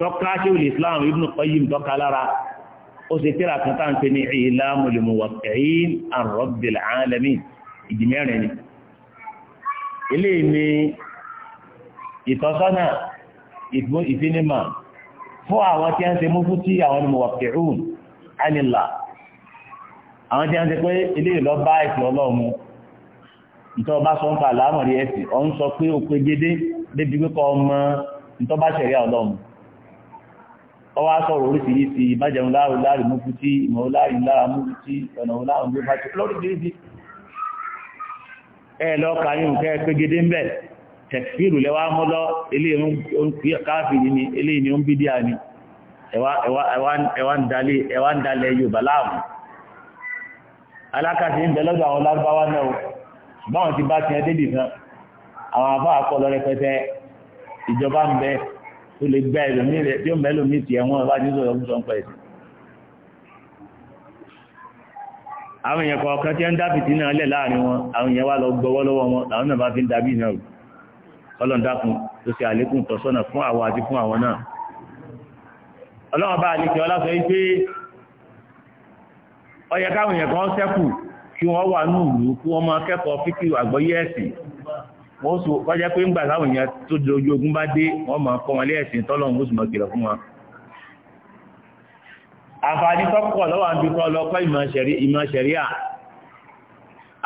tọ́ka ṣéwìl islam ibn qayyim tọ́ka lára ó ṣe tíra kan táà ń pè ní i'lamul muwaqqi'in an rabbil alamin ìdí mẹ́rin ni ilé ni ìtọ́sọ́nà ìfinimọ̀ fún àwọn tí a ń ṣe mú fún tí àwọn ni muwaqqi'un anilá àwọn tí a ń ṣe pé ilé ìlọ bá ìfẹ́ ọlọ́run ìtọ́ bá sọ ń pa àlámọ̀rí ẹ̀sìn ọ̀ ń sọ pé ó gédé débi pé kọ́ ọmọ ìtọ́ bá ṣẹ̀rí ọlọ́run ọwá sọ̀rọ̀ oríṣiríṣi ìbájẹun láàrùn láàrùn mú fútí ìmọ̀ láàrùn láàrùn mú fútí ọ̀nà láàrùn ló fàtí lóríṣiríṣi ẹ lọ́ọ̀ka yóò kẹ́ pégede ń bẹ̀ tẹ̀kfíìrù lẹ́wà mọ́lọ́ eléyìí ni ó ń bídíà ni ẹwà ń dalẹ̀ Yorùbá láàmù alákàtí ń bẹ lọ́dọ̀ àwọn lárúbáwá náà báwọn ti bá tiẹ̀ débì kan àwọn afọ́ àkọlọ rẹpẹtẹ ìjọba ń bẹ́ẹ̀ o lè gba ẹlòmíì rẹ bí o mọ ẹlòmíì tiẹ̀ wọn wá ní sọ̀rọ̀ fún sọ̀npọ̀ ẹ̀sìn. àwọn èèyàn kọ̀ọ̀kan tí ń dá fìtì náà lẹ̀ láàrin wọn àwọn èèyàn wá lọ gbọ́wọ́ lọ́wọ́ wọn làwọn náà bá fi ń dabí náà rù ọlọ́run dákun tó ṣe àlékún tọ́sọ́nà fún àwọn àti fún àwọn náà. ọlọ́run bá àlejò ọlásọ yìí pé ó yẹ káwọn èèyàn kan ṣẹ́kù kí wọ́n wà ní ìlú kí wọ́n máa kẹ́kọ̀ọ́ wọ́n sọ kọjá pé ńgbà táwọn èèyàn tó di ojú ogun bá dé wọ́n máa kọ́ wọn lé ẹ̀sìn tọ́lọ̀ ń mọ̀ kìlọ̀ fún wọn. àǹfààní tọ́pọ̀ lọ́wọ́ àbí kọ́ lọ kọ́ ìmọ̀ ṣẹ̀ríà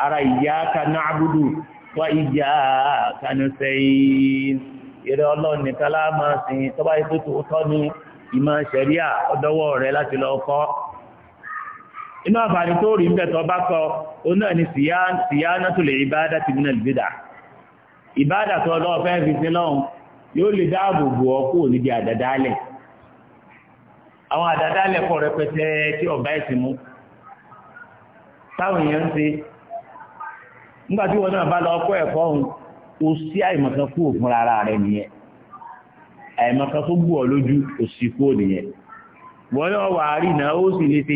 ara iyyaka na'budu wa iyyaka nasta'in ìrẹ́ ọlọ́run nìkan láàmà sí tọ́ba yìí tó tọ́ ní ìmọ̀ ṣẹ̀ríà ọdọ́wọ́ rẹ̀ láti lọ kọ́ inú àǹfààní tó rí ń bẹ̀ tọ́ bá kọ́ ìbádàtọ̀ ọlọ́wọ́ fẹ́ fi sí lọ́hùn yóò lè dáàbò bò kúrò níbi àdàdálẹ̀ àwọn àdàdálẹ̀ rẹpẹtẹ tí ẹ̀sìn mú táwọn èèyàn ń ṣe nígbà tí wọn náà bá lọ kọ́ ẹ̀kọ́ òun kò sí àìmọ̀kan kúrò rẹ nìyẹn àìmọ̀kan tó ọ lójú kò sí kúrò nìyẹn wọn yóò wà á rí iná sì lè ṣe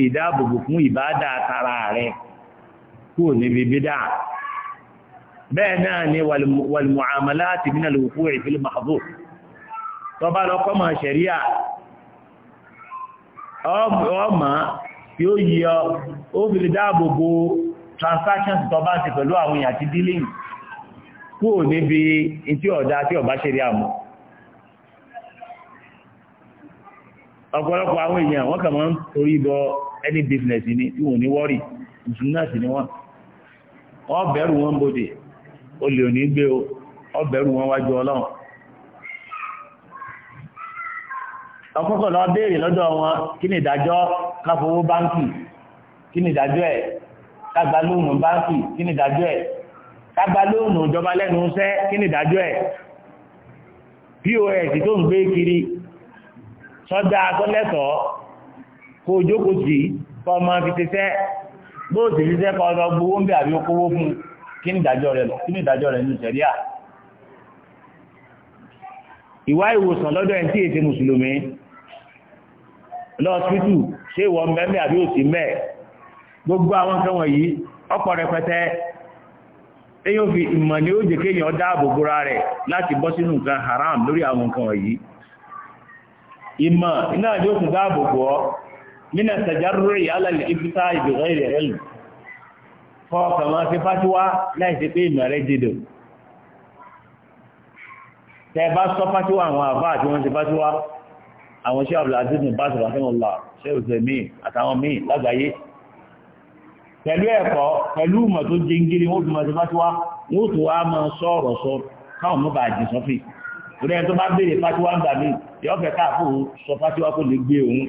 fún rẹ bẹ́ẹ̀ náà ni wàlùmọ̀àmàlá ti bí ọ fi lè dáàbò transactions tó bá ti pẹ̀lú àwọn èèyàn ti dealing kúrò níbi tí ọ̀dá tí ọ̀bá ṣẹ̀ríà nti ọ̀pọ̀lọpọ̀ àwọn èèyàn wọ́n kà torí bọ any business ni tí wọ́n ní wọ́rì ìṣúná sí ni wọ́n bẹ̀rù wọn bóde olè ò ní gbé o ọbẹ̀rù wọn wájú ọlọ́run ọkọ́kọ́ lọ béèrè lọ́dọ̀ wọn kí ni ìdájọ́ káfowó báńkì kí ni ìdájọ́ ẹ̀ kágbá lóònù báńkì kí ni ìdájọ́ ẹ̀ kágbá lóònù ìjọba lẹ́nu iṣẹ́ kí ni ìdájọ́ ẹ̀ pọ́s tó ń gbé kiri sọ́dá akọ́lẹ́tọ̀ọ́ kó jókòó sí kọ́ ọmọ fi ṣiṣẹ́ bóòsì ṣiṣẹ́ kọ́ ọ lọ gbowó ń bẹ àbí okòwò fún un kí ni ìdájọ́ rẹ̀ kí ni ìdájọ́ rẹ̀ ní ìwá ìwòsàn lọ́dọ̀ ẹ̀ tí èsì mùsùlùmí lọ́ọ̀sìtù ṣé ìwọ mẹ́mẹ́ àbí òsì gbogbo àwọn wọ̀nyí rẹpẹtẹ èyàn fi ìmọ̀ ni ó dáàbò rẹ̀ láti bọ́ sínú nǹkan haram lórí àwọn nǹkan wọ̀nyí ìmọ̀ iná tún dáàbò ìfúta ìbẹ̀rẹ̀ kọ́ọ̀kan máa ṣe fásiwá láìsí pé ìmọ̀ rẹ̀ jìdò tẹ bá sọ fásiwá àwọn àbá àti wọ́n ṣe fásiwá àwọn iṣẹ́ abdulaziz ní bá sọ̀rọ̀ fẹ́ràn ọ̀la ṣé òṣèlú míì àtàwọn míì lágbàáyé pẹ̀lú ẹ̀kọ́ pẹ̀lú ìmọ̀ tó jẹ ngiri wọ́n fi máa ṣe fásiwá wọ́n tó wá máa sọ ọ̀rọ̀ sọ káwọn mọ́ bá jì sọ́fì torí ẹni tó bá béèrè fásiwá ń gbà mí yọ̀ọ́fẹ́ káàfó sọ fásiwá kó lè gbé òun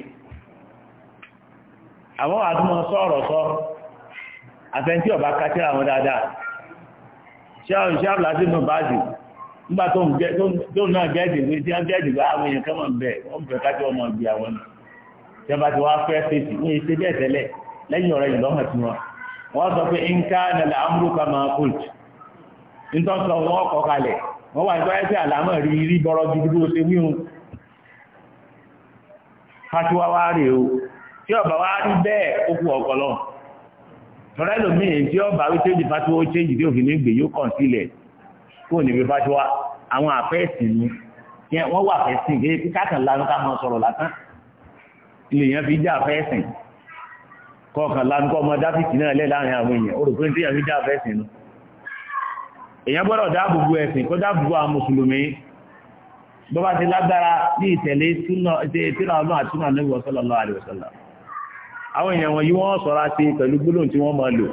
àwọn àdúmọ̀ sọ ọ̀rọ̀ sọ àtẹ̀ntí ọ̀bá kátírà wọn dáadáa ṣáàrù ṣáàrù láti inú báàdì nígbà tó ń gẹ́ tó ń náà gẹ́ẹ̀dì pé tí wọ́n gẹ́ẹ̀dì bá àwọn èèyàn kẹ́mọ̀ bẹ̀ wọ́n bẹ̀ kájí ọmọ ìgbì àwọn ni tí wọ́n bá ti wá fẹ́ fèsì wọ́n yẹ ṣe bẹ́ẹ̀ tẹ́lẹ̀ lẹ́yìn ọ̀rẹ́ yìí lọ́mọ̀ tí wọ́n wọ́n sọ pé nǹka nàlẹ́ amúrúkà máa kult nítorí sọ wọ́n kọ́ kalẹ̀ wọ́n tọ́lá ẹlòmíì èyí tí ó bá wí change fatiwa ó change tí òfin ní gbè yóò kàn sílẹ̀ kó níbi fatiwa àwọn àfẹ́ẹ̀sì ni wọ́n wà fẹ́ẹ̀sì kí kákan lanu ká máa sọ̀rọ̀ lásán ilé yẹn fi já àfẹ́ẹ̀sì kọ̀ọ̀kan lanu kọ́ ọmọ dáfíìsì náà lẹ́ láàrin àwọn èèyàn ó rò pé ní fi já àfẹ́ẹ̀sì nu èèyàn gbọ́dọ̀ dáàbòbò ẹ̀sìn kó dáàbòbò àwọn mùsùlùmí bọ́bá ti lágbára ní ìtẹ̀lé tírà ọlọ́run àti tírà Ànábì sallallahu alaihi wasallam àwọn èèyàn wọ̀nyí wọ́n sọ̀rọ̀ àti pẹ̀lú gbólóhùn tí wọ́n máa lò.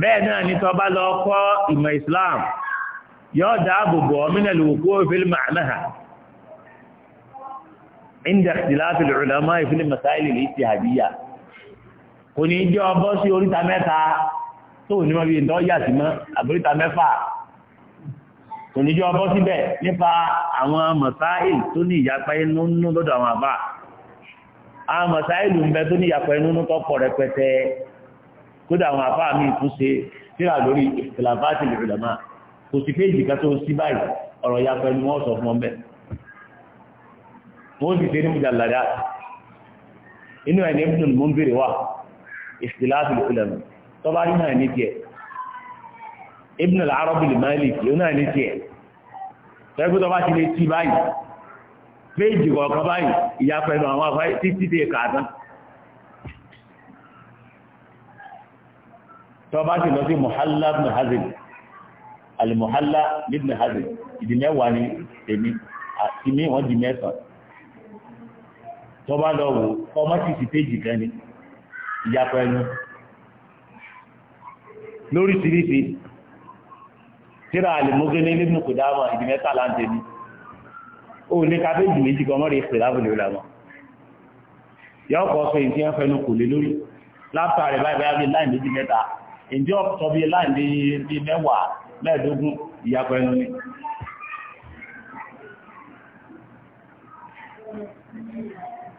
bẹ́ẹ̀ náà ni tó bá lọ kọ́ ìmọ̀ Islam yóò dáàbò bò ọ́ mínà lò kó fil ma'naha inda ikhtilaf al-ulama fil masail al-ijtihadiyya kò ní jẹ́ ọbọ̀ sí oríta mẹ́ta tó ní wọ́n fi ìdọ́ yà sí mọ́ mẹ́fà kò ní jọ bọ́ síbẹ̀ nípa àwọn mọ̀sáìl tó ní ìyapa inú nínú lọ́dọ̀ àwọn àbá àwọn mọ̀sáìl ń bẹ tó ní ìyapa inú nínú tó pọ̀ rẹpẹtẹ kódà àwọn àbá mi tún ṣe síra lórí ìfìlàfáàtì ìrìlẹ̀mà kò sí péjì kan tó sí báyìí ọ̀rọ̀ ìyapa inú wọn sọ fún ọmọ bẹ́ẹ̀ wọ́n sì ṣe ní mùjàlára inú ẹ̀ ní ibùdó mú ń bèrè wà ìfìlàfáàtì ìrìlẹ̀mà tọ́ Ibn al-Arabi al-Maliki yóò náà ní tiẹ̀ tẹ́gbẹ́ tó bá ti lè ti báyìí péjì kọ̀ọ̀kan báyìí ìyá pẹ̀lú àwọn afáyé títí dé kàtán tó bá ti lọ sí Muhalla ibn Hazm al-Muhalla ibn Hazm ni èmi àti mi wọ́n di mẹ́sàn tó bá lọ wò ọmọ sì ti ni ìyá pẹ̀lú lóríṣiríṣi tíra àlèmógéné nínú kò dáàmà ìdí mẹ́ta láǹtẹ̀ ní ó lé kábéjì méjì kan mọ́rí ìpè lábùlé ìlànà yọ́ kọ́ sọ ìdí ẹ̀fẹ́nu kò lé lórí lápá rẹ̀ báyìí báyìí bíi láì méjì mẹ́ta ìdí ọ̀tọ̀ bíi láì bíi mẹ́wàá mẹ́ẹ̀ẹ́dógún ìyapọ̀ ẹnu ni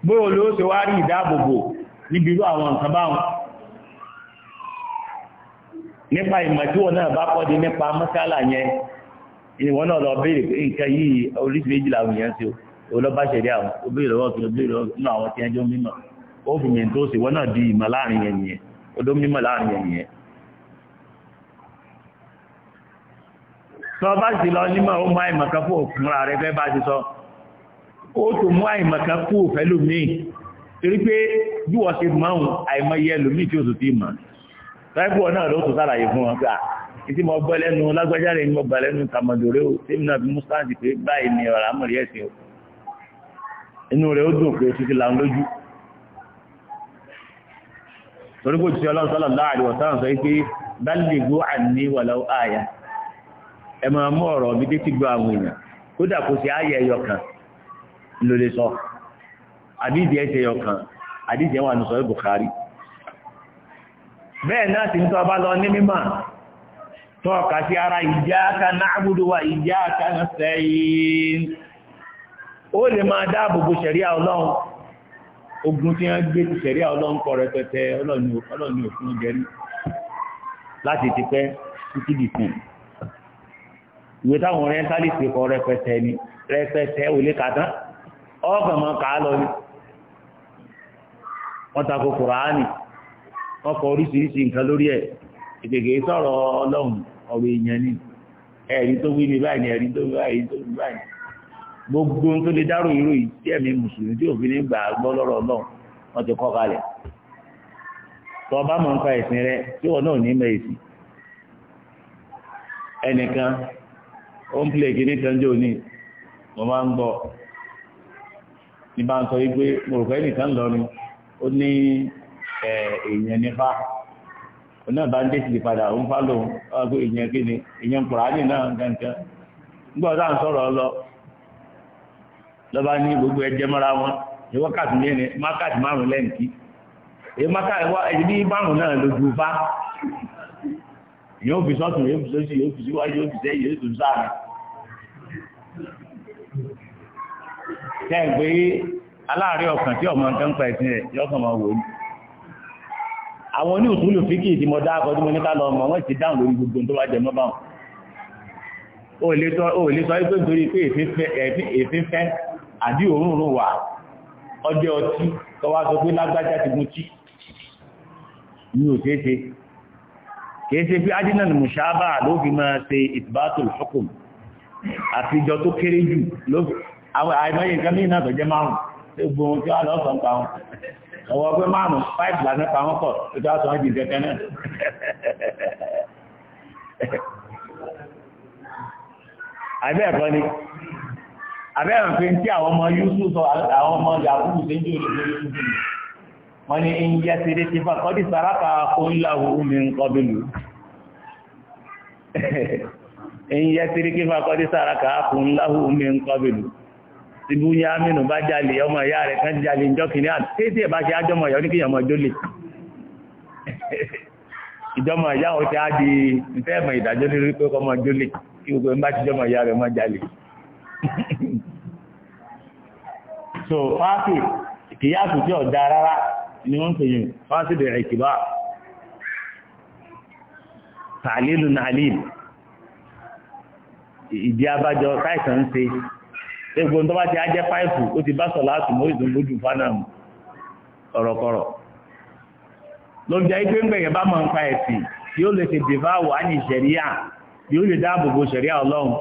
bóòlù ó ti wá rí ìdáàbòbò níbi irú àwọn nǹkan báwọn nípa ìmọ̀ tí wọ́n náà bá kọ́dé nípa mọ́sálà yẹn ìwọ́n náà lọ béèrè pé nǹkan yìí oríṣi méjì làwọn èèyàn ṣe o lọ bá ṣẹ̀dẹ̀ àwọn o béèrè lọ́wọ́ kí o béèrè lọ́wọ́ nínú àwọn tí ẹjọ́ mímọ̀ ó fi yẹn tó ṣe wọ́n náà di ìmọ̀ láàrin yẹn nìyẹn o ló mímọ̀ láàrin yẹn nìyẹn. sọ bá sì lọ nímọ̀ ó mú àìmọ̀ kan fún òkúnra rẹ fẹ́ bá ti sọ ó tún mú àìmọ̀ kan fún òfẹ́ lómìn torí pé bí wọ́n ṣe mọ̀ láìpẹ́ wọn náà ló tún sàlàyé fún wọn pé à ah, títí mo gbọ́ lẹ́nu lágbájá rẹ̀ ni mo gbà lẹ́nu tàmọ̀dòrè o tèmi náà fi mustard pé báyìí ni ọ̀rọ̀ àmọ̀rí ẹ̀sìn o inú rẹ̀ ó dùn pé títí la ń lójú torí kò tí ọlọ́run sọ́lọ̀ láàrin ọ̀sán sọ pé báyìí gbó àní wà lọ́wọ́ àyà ẹ máa mú ọ̀rọ̀ mi dé ti gbọ́ àwọn èèyàn kódà kò sí ààyè ẹyọ kan ló lè sọ àdíjẹ ẹsẹ ẹyọ kan àdíjẹ wà nù sọ Bukhari bẹ́ẹ̀ náà sì ń bá lọ ní mímọ̀ sí ara iyyaka na'budu wa iyyaka nasta'in ó lè máa dáàbòbò ṣẹ̀ríà ọlọ́run ogun tí wọ́n gbé ti ṣẹ̀ríà ọlọ́run pọ̀ rẹpẹtẹ ọlọ́ni òfin jẹrí láti ti pẹ́ títí dìkù ọkọ̀ oríṣiríṣi nǹkan lórí ẹ̀ ìgbègbè sọ̀rọ̀ ọlọ́run ọ̀rọ̀ èèyàn ni ẹ̀rí tó wí mi báyìí ẹ̀rí tó wí báyìí tó wí báyìí gbogbo tó lè dárò irú yìí tí ẹ̀mí mùsùlùmí tí òfin ní gbà gbọ́ lọ́rọ̀ náà wọ́n ti kọ́ kalẹ̀ tó bá mọ̀ nípa ẹ̀sìn rẹ tí wọn náà ní mọ èsì ẹnìkan ó ń pilẹ̀ kíní kan mo máa ń gbọ́ ní bá ń sọ mo rò pé ẹnìkan lọ ni ó ní èèyàn nífà náà bá ń dé padà ń fá lòun ọgbẹ́ èèyàn kí ni èèyàn kùránì náà gangan nígbà tá ń sọ̀rọ̀ lọ lọ́ba ní gbogbo ẹjẹ́ mọ́ra wọn ní wákàtí mẹ́rin mákàtí márùn lẹ́ǹkì èyí mákàtí wá ẹ̀jẹ̀ bí márùn náà yóò fi sọ́tún yóò fi yóò fi síwájú yóò fi sẹ́yìn yóò sáà tẹ́ pé aláàárẹ̀ ọkàn tí ọmọ àwọn oní òtúlù fíkì tí mo dáa kọjú mo ní ká lọ mọ̀ wọ́n ti dáhùn lórí gbogbo tó wájẹ mọ́ báwọn o lè sọ pé nítorí pé èfífẹ́ àbí òórùn wà ọjọ́ ọtí tọwá sọ pé lágbájá ti mutí ní òtẹ́ẹ̀tẹ́ kìí ṣe pé adínà ni mùsáàbà ló fi máa ṣe ìtìbátòlù hukum àfijọ tó kéré jù àìmọye nǹkan mìíràn tó jẹ márùn gbogbo ohun tí wọ́n lọ sọ pa wọn ọwọ́ pé márùn five là nípa wọn pọ̀ tó tó àtúnwá jì kẹ̀kẹ́ náà àbẹ́ ẹ̀kọ́ ni àbẹ́ ẹ̀rọ pé tí àwọn ọmọ Yusuf sọ àwọn ọmọ Yakubu ṣe ń jò lè lórí Yusuf wọn ni ń yẹ ti retí fún akọ́dí saraka kóńláwo mi ń kọ́ bílù ń yẹ ti retí fún akọ́dí saraka kóńláwo mi ń kọ́ bílù tí bú yá mínú bá jalè ọmọ ìyá rẹ̀ kan jalè ìjọkìnrin àti ẹ̀ bá ṣe ájọmọ̀ ìyá oníkìyàmọ̀ jólè ìjọmọ̀ ìyá o ti á di ìfẹ́ẹ̀mọ̀ ìdájọ́ lórí pé kọmọ jólè kí gbogbo ń bá ti jọmọ̀ ìyá rẹ̀ mọ́ jalè so fásì ìkìyàtù tí ọ̀dá rárá ni wọ́n pè yìí fásì bẹ̀rẹ̀ ìkìbá tàlílù nàlílù ìdí abájọ táìsàn ń ṣe egbò tó bá ti á jẹ́ páìpù ó ti bá sọ̀lá àtùmọ́ ìdúnlójú fánàmù ọ̀rọ̀kọ̀rọ̀ ló jẹ́ ipé ń gbẹ̀yẹ̀ bá mọ̀ ń pa ẹ̀sìn yóò lè ṣe dìváwò á ní yóò lè dáàbòbò ṣẹ̀ríà ọlọ́run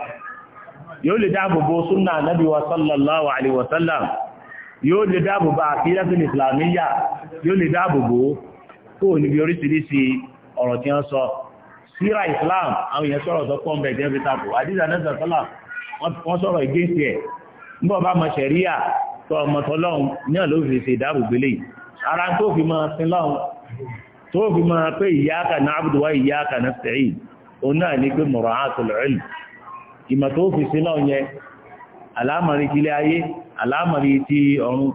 yóò lè dáàbòbò súnà nábì wa sallallahu alaihi wa sallam yóò lè dáàbòbò àkíyàtún ìsìlámíyà yóò lè dáàbòbò kó níbi oríṣiríṣi ọ̀rọ̀ tí wọ́n sọ síra islam àwọn èèyàn sọ̀rọ̀ sọ pọ́ńbẹ̀ jẹ́ fi tako àdìsá náà sọ̀rọ̀ wọ́n sọ̀rọ̀ nígbà bá mọ ṣẹ̀ríà tọ ọmọ tọlọ́hún náà ló fi ṣe ìdáàbòbélé ara tó fi mọ sin lọ́hún tó fi mọ pé iyyaka na'budu wa iyyaka nasta'in òun náà ní pé mura'atul ilm ìmọ̀ tó fi sin lọ́hún yẹn àlámọ̀rí ti ilé ayé àlámọ̀rí ti ọ̀run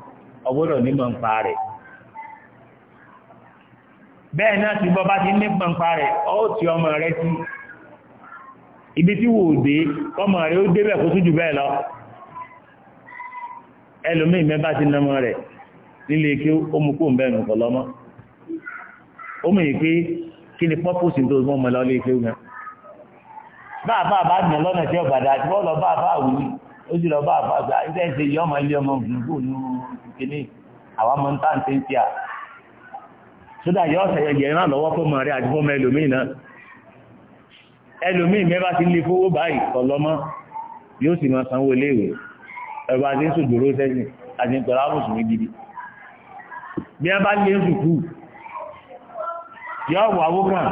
ọgbọ́dọ̀ nímọ̀ ń pa rẹ̀ bẹ́ẹ̀ náà ti bọ́ bá ti ní pọ̀npa rẹ̀ ó ti ọmọ rẹ̀ sí ibi tí wò dé ọmọ rẹ̀ ó débẹ̀ kó tún bẹ́ẹ̀ lọ ẹlòmíì mẹ́bà ti nàmọ́ rẹ̀ nílé kí ó mú kó ń bẹ̀rù kọ̀ lọ́mọ́ ó mú yìí pé kí ni pọ́pọ́sì tó mọ́ ọmọlá ọlé ìfẹ́ òun báàbá bá dùn lọ́nà tí ọ̀gbà dá tí wọ́n lọ báàbá wù ní ó sì lọ báàbá gbà iṣẹ́ ìṣe yìí ọmọ ilé ọmọ gbùngbù ní kíní ẹlòmíì mẹ́fà ti lè fowó báyìí kọ̀ lọ́mọ yóò sì máa sanwó iléèwé ẹ̀rọ àti ń sòjòrò sẹ́yìn àti ń tọ́lá mùsùlùmí gidi bí wọ́n bá lé sùkú yọ wà wó kàn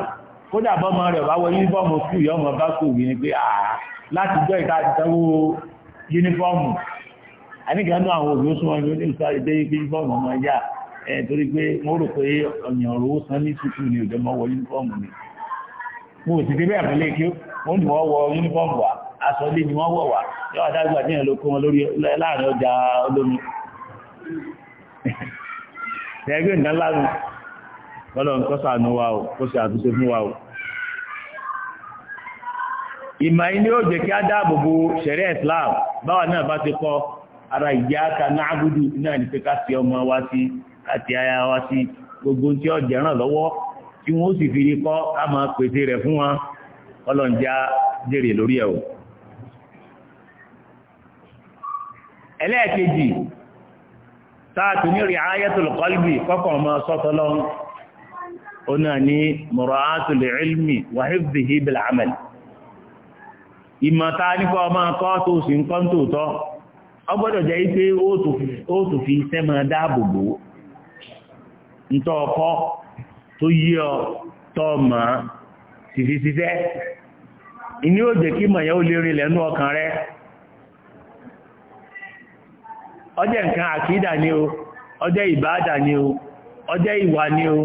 kódà bọ́mọ rẹ̀ bá wọ yúnífọ́ọ̀mù sùkú yọ ọmọ bá kò wí ni pé àá láti jọ ìta àti sanwó yúnífọ́ọ̀mù àníkànnú àwọn òbí ó súnmọ́ ní oníṣà ìdé yúnífọ́ọ̀mù ọmọ ẹja ẹ̀ torí pé mo rò pé ọ̀yàn ọ̀rọ̀ ó san ní sùkú ni òjò mọ́ wọ yúnífọ́ọ̀mù ni mo sì dé bẹ́ẹ̀ fún lé kí wọ́n ní wọ́n wọ yúnífọ́ọ̀mù wa aṣọ lé ni wọ́n wọ̀ wá yọ́ àdágbà ní ẹ̀lò wọn lórí láàrin ọjà olómi ẹgbẹ́ ìdá láàrin kọ́lọ̀ ń kọ́sà ní wa o kó sì àtúnṣe fún wa o ilé kí á dáàbòbò ṣẹ̀rẹ́ Islam báwa náà bá ti kọ́ ara ka náà ní pé ká ọmọ wa sí ẹlẹ́ẹ̀kejì táàtù ní ri'ayatul qalbi kọ́kọ̀ ọmọ sọ́tọ́lọ́ ọ̀nà ní mura'atul ilmi wa hifdhihi bil ìmọ̀ta nípa ọmọ akọ́ tó ń kọ́ tòótọ́ ọgbọ́dọ̀ jẹ́ pé ó fi iṣẹ́ ma dáàbòbò ntọ́ ọkọ́ tó yí ọ tọ́ mọ̀ sífisíṣẹ́ mọ̀yẹ́ ó ọkàn ọjẹ́ nǹkan àkídà ni o ọjẹ́ ìbáadà ni o ọjẹ́ ìwà ni o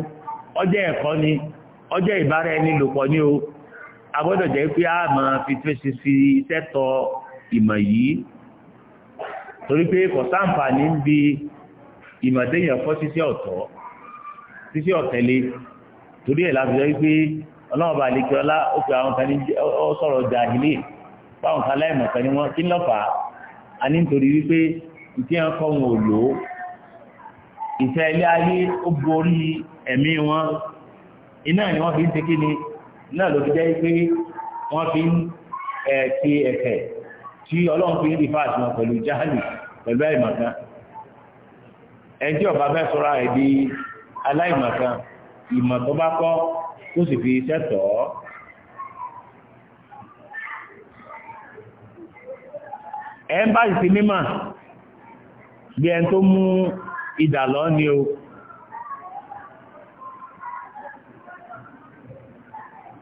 ọjẹ́ ẹ̀kọ́ ni ọjẹ́ ìbára ẹni lòpọ̀ ni o agbọ́dọ̀ jẹ́ pé a ma fi fèsì sí sẹ́tọ̀ ìmọ̀ yìí torí pé kò sáǹfààní ń bi ìmọ̀ fọ́ sísí ọ̀tọ̀ torí ẹ̀ pé bá lè àwọn kan ní ìtí ẹ̀ kọ́ wọn ò lò ó ìfẹ́ ilé ayé ó borí ẹ̀mí wọn iná ni wọ́n fi ń ṣe kí ni náà ló fi jẹ́ pé wọ́n fi ń ṣe ẹ̀fẹ̀ tí ọlọ́run fi ń rí fáàtì wọn pẹ̀lú jáàlì pẹ̀lú àìmọ̀kan ẹjẹ́ ọba fẹ́ sọ́ra ẹ̀ di aláìmọ̀kan ìmọ̀ tó bá kọ́ tó sì fi iṣẹ́ tọ̀ ọ́ ẹ̀ ń bá ìsinmi mọ̀ bí ẹni tó mú idà lọ ni o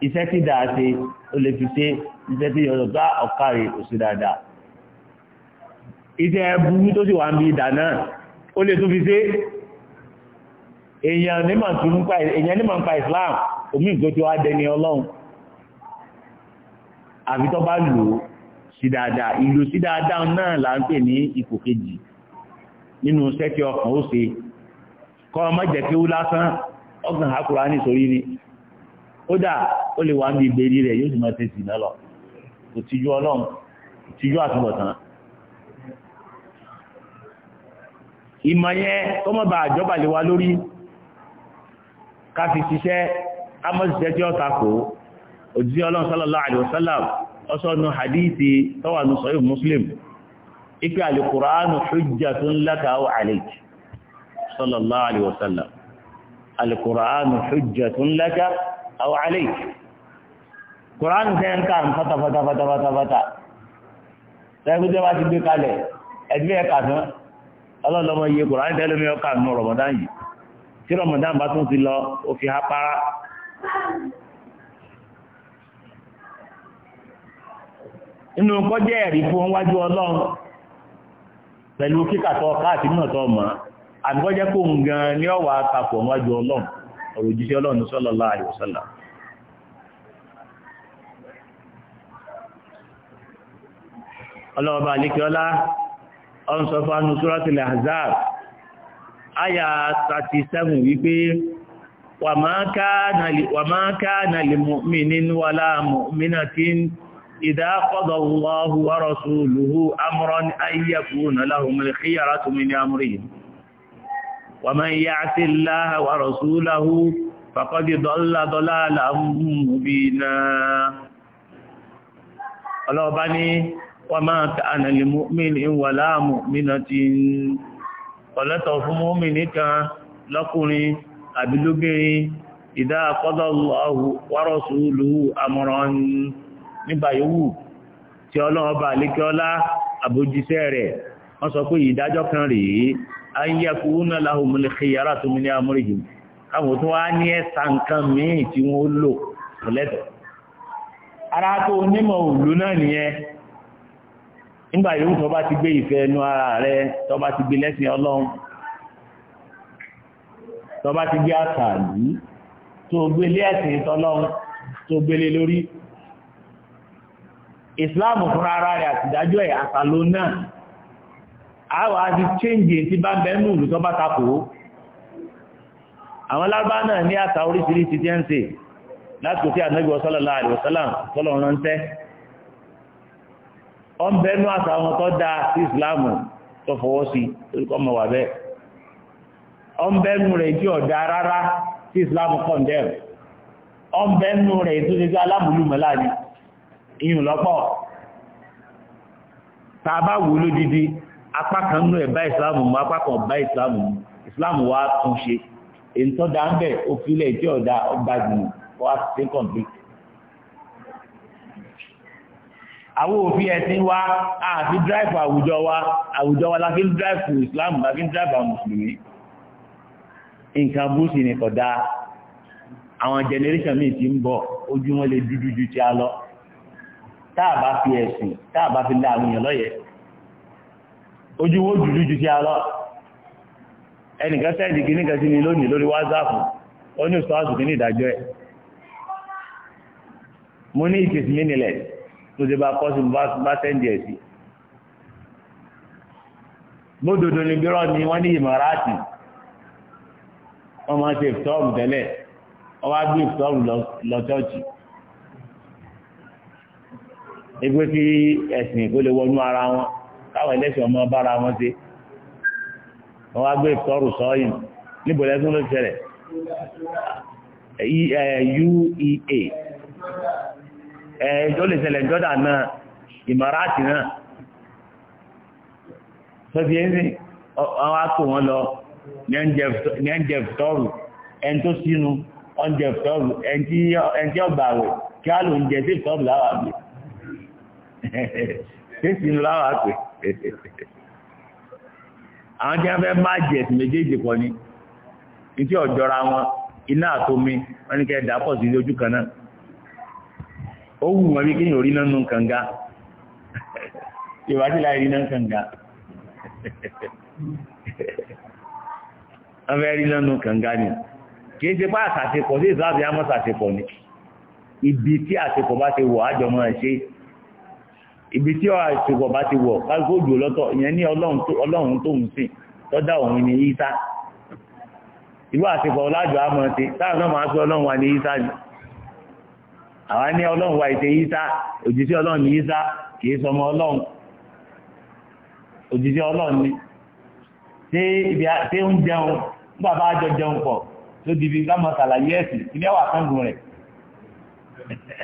iṣẹ́ tí dàá ṣe ó lè fi ṣe iṣẹ́ tí yọ̀dọ̀ bá ọ̀kàrí òṣì dáadáa iṣẹ́ burú tó sì wà ń bí idà náà ó lè tún fi ṣe èèyàn nímọ̀ tún Islam omi ìgbó tí wá dẹni ọlọ́run àbí tó bá lò ó ìlò sí náà là ń pè ní ipò kejì nínú sẹ́kì ọkàn ó ṣe kọ́ ọmọ jẹ́ ó lásán ọgbọ̀n àkùrá ní ni ó dà ó lè wà ní ìgbèrí rẹ̀ yóò sì máa ṣe sì náà lọ kò tíjú ọlọ́run tíjú àtúbọ̀tán ìmọ̀ yẹn àjọba lè wa lórí ṣiṣẹ́ tí ó hadithi tọ́wà nù sọ́yìn muslim ipe alukuraanu hujjatun laka wa sallallahu alayhi wa sallam alukuraanu hujjatun laka wa alayka kuraanu sẹ́yìn kan fata fata fata fata fata bá ti gbé kalẹ̀ ẹgbẹ́ ẹ̀ka ọlọ́lọ́mọ iye kuraanu tẹ́lẹ̀ mi ọ̀ka nù rọ̀mọ̀dán yìí tí rọ̀mọ̀dán bá tún ti lọ ó fi inú kọjá ẹ̀rí fún wájú ọlọ́run pẹ̀lú kíkàtọ̀ káàkiri náà tọ́ mọ́ àbíkọ́jẹ́ kó ń gan ní ọwà àtàpọ̀ wájú ọlọ́run ọ̀rọ̀ òjíṣẹ́ ọlọ́run sallallahu alaihi wasallam ọlọ́ọ̀bá alékiọlá ọ̀nsọ̀fánú suratul Ahzab àyà 37 wípé wa ma kana li إذا قضى الله ورسوله أمرا أن يكون لهم الخيرة من أمرهم ومن يعت الله ورسوله فقد ضل ضلالا مبينا الله بني وما كان لمؤمن ولا مؤمنة ولا تف مؤمن كان لكن أبلغني إذا قضى الله ورسوله أمرا nígbà yòówù tí ọlọ́run ọba àlékẹ́ọ́lá àbójíṣẹ́ rẹ̀ wọ́n sọ pé ìdájọ́ kan rèé a ń yẹ kúrú náà láhùn mi lè ṣe yàrá tó mi ní amúrèjì káwọn tó wá ní ẹ̀sà nǹkan míì tí wọ́n lò lẹ́tọ̀ ara tó onímọ̀ òlú náà nìyẹn nígbà yòówù tó bá ti gbé ìfẹ́ ẹnu ara rẹ tó bá ti gbé lẹ́sìn ọlọ́run tó bá ti gbé àṣà tó gbélé ẹ̀sìn tọ́lọ́run tó gbélé lórí ìsìláàmù fúnra ara rẹ̀ àti ìdájọ́ ẹ̀ àtàlò náà àwà àti change tí bá bẹ̀ẹ́nù ìlú tó bá takò àwọn lábá náà ní àtà oríṣiríṣi tí ń ṣe láti kò sí ànábì sallallahu alaihi wasallam tọ́lọ̀ ránṣẹ́ ọ ń bẹ̀ẹ́nù àtà wọn tó dáa sí ìsìláàmù tó fọwọ́ sí orúkọ mọ̀ iyùn lọ́pọ̀ tá a bá wò lódidi apá kan nú ẹ̀ bá ìsìláàmù mu apá kan bá ìsìláàmù mu ìsìláàmù wa tún ṣe èyí tó dá ń bẹ̀ ó filẹ̀ tí ọ̀dà ọgbà jùlọ wá sí complete. àwọn òfin ẹ̀sìn wa àfi drive àwùjọ wa àwùjọ wa la fi drive to Islam la fi drive àwọn mùsùlùmí nǹkan búùsì ni kódà àwọn generation míì ti ń bọ̀ ojú wọn lè dúdú ju ti a lọ. táà bá fi ẹ̀sìn táà fi láàrin èèyàn lọ́yẹ̀ ojú wo dúdú ju alọ́ ẹnìkan sẹ́ẹ̀dì ni lónìí lórí ó ní ìdájọ́ mo ní ìkèsí mi tó ṣe bá kọ́ sí bá ni bírọ̀ ni wọ́n ní ìmọ̀ráàtì wọ́n máa ṣe ìfọ́ọ̀mù tẹ́lẹ̀ wọ́n wá gbé ẹgbẹ́ kí ẹ̀sìn kó lè wọnú ara wọn káwọn ẹlẹ́sìn ọmọ bára wọn ṣe wọn wá gbé ìtọ́rù sọ́yìn níbo lẹ́sùn ló ṣẹlẹ̀ e, e, uea ẹjọ́ e, lè ṣẹlẹ̀ jọ́dá náà ìmọ̀ráàtì náà sọ́fí ẹ́sìn àwọn akọ wọn lọ ní ẹ̀ǹjẹ̀ ìtọ́rù ẹni tó sínú ọ̀ǹjẹ̀ ìtọ́rù ẹni tí ọgbà rẹ̀ kí á lò ń jẹ sí ìtọ́rù láwàbí kéèsì ńlá wà pé àwọn tí wọ́n fẹ́ má jẹ méjèèjì pọ̀ ni ìtí ọ̀jọ́ra wọn iná àtomi wọ́n ní kẹ́ dàpọ̀ sí ojú kan náà ó wù wọn bí kéèyàn rí nánú kànga ìwà tí láì rí nánú kànga wọ́n fẹ́ rí nánú kànga ni kìí ṣe bá àṣàṣepọ̀ sí ìsáàbí àmọ́ ṣàṣepọ̀ ni ibi tí àṣepọ̀ bá ṣe wọ̀ àjọmọ́ ẹ̀ ṣe ibi tí ọ̀rọ̀ ìṣòwò bá ti wọ̀ kálukó jù lọ́tọ̀ ìyẹn ní ọlọ́run tó ń sìn tọ́dá òun ní yíta ìlú àtìkọ̀ ọlájọ amọ̀tí táwọn náà máa sọ ọlọ́run wa ní yíta ni àwa ní ọlọ́run wa ìṣe yíta òjíṣẹ́ ọlọ́run ní yíta kìí sọmọ ọlọ́run òjíṣẹ́ ọlọ́run ni ṣé ibi ṣé ń jẹun nígbà bá jọ jẹun pọ̀ tó di ibi ká mọ sàlàyé ẹ̀sìn ilé wà fún rẹ̀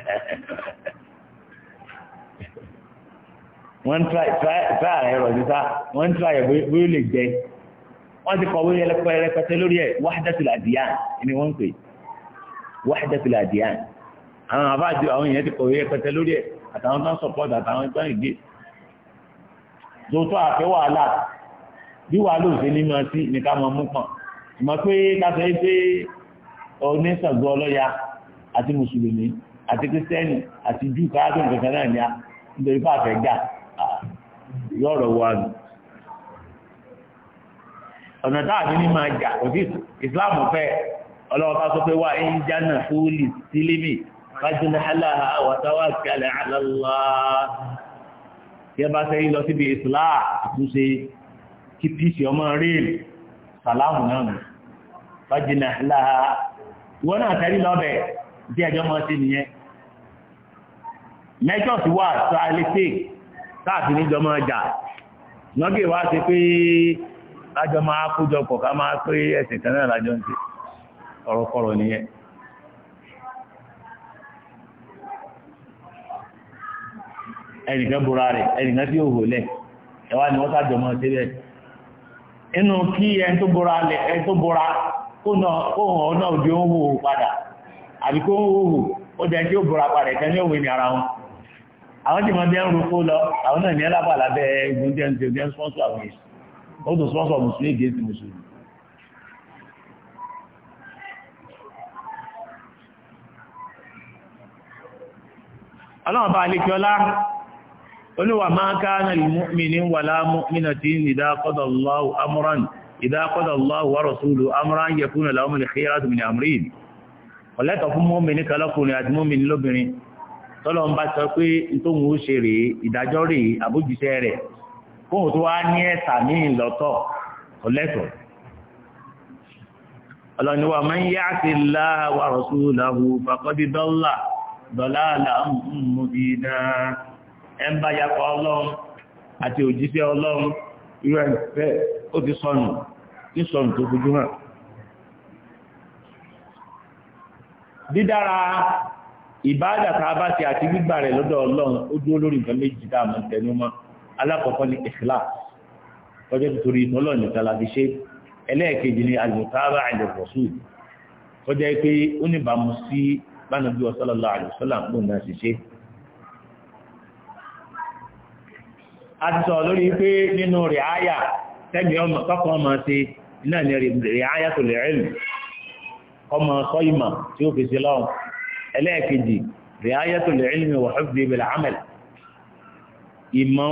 wọ́n ń tra ẹ̀rọ níta wọ́n ń tra ẹ̀ bóyá ó lè jẹ wọ́n ti kọ̀wé rẹpẹtẹ lórí ẹ̀ wahdatul adiyan ni wọ́n ń pè wahdatul adiyan àwọn àbájọ àwọn èèyàn ti kọ̀wé rẹpẹtẹ lórí ẹ̀ àtàwọn tó ń support àtàwọn tó ń gbé tòótọ́ àfẹ́ wàhálà bí wàhálà òsè ní máa sí ní ká máa mú kàn ìmọ̀ pé káfẹ́ pé onísàgbọ́ ọlọ́ya àti mùsùlùmí àti kristẹni yọ̀rọ̀ wa nù ọ̀nà táàbí ní máa jà òtí ìsìláàmù fẹ́ ọlọ́wọ́ bá sọ pé wà ń jánà fúlì sílímì fájúlẹ̀ aláha wàtáwà kẹlẹ̀ aláàlá tí a bá sẹ́yìn lọ síbi ìsìláà àtúnṣe kí píìsì ọmọ rèèlì sàlámù náà nù fájúlẹ̀ aláha ìwọ náà sẹ́yìn lọ́bẹ̀ bí ẹjọ́ mọ́ sí nìyẹn mẹ́jọ́ sí wà sọ alẹ́ tèè táàtì níjọ máa jà nọ́gì wá sí pé lájọ máa ma ká máa pé ẹ̀sìn kan lájọ ń ṣe ọ̀rọ̀kọ̀rọ̀ nìyẹn ẹnìkan búra rẹ̀ ẹnìkan tí ó hò lẹ̀ ẹwà ni wọ́n sájọ máa ṣe inú kí ẹn tó búra lẹ̀ ẹn tó búra ó padà ó tí ó àwọn jìmọ̀ bí ẹn rúkó lọ àwọn náà ní ẹlábà lábẹ́ egun jẹ́ ní ọjọ́ sponsor àwọn èsì ó tún sponsor mùsùlùmí gẹ̀ẹ́sì mùsùlùmí ọlọ́wọ́ bá alẹ́ kíọ́lá olúwa máa káàna lèmọ́mìnì wà láàmọ́mìnà tí ìdá qadallahu amran ìdá qadallahu wa rasuluhu amran yakuna tọ́lọ́n bá sọ pé ntóhun ó ṣe rèé ìdájọ́ rèé rẹ̀ tó wá ní ẹ̀sà ní lọ́tọ̀ ọ̀lẹ́tọ̀ ọlọ́niwà máa ń yá sí láàwà dọ́là dọ́là ẹ̀ ń bá ọlọ́run àti òjíṣẹ́ ọlọ́run irú ó ti sọnù ìbáàdà tá a bá ti àti gbígbà rẹ̀ lọ́dọ̀ ọlọ́run ó dúró lórí nǹkan méjì tá a mọ̀ tẹnu mọ́ alákọ̀ọ́kọ́ ni ìkìlá kọjá nítorí ọlọ́run nìkan la fi ṣe ẹlẹ́ẹ̀kejì ni alùpàbà àjẹpọ̀sù kọjá pé ó ní bàmú sí bánàbí sallallahu alaihi wasallam ń gbòǹda ṣiṣẹ́ a ti sọ lórí pé nínú rẹ̀ áyà tẹ́mi ọmọ ọmọ ṣe iná ní rẹ̀ áyà tó lè rẹ̀ lù ọmọ sọ ẹlẹ́ẹ̀kejì rìáyẹ́tò lè ilmi wà hifzi bil amal ìmọ̀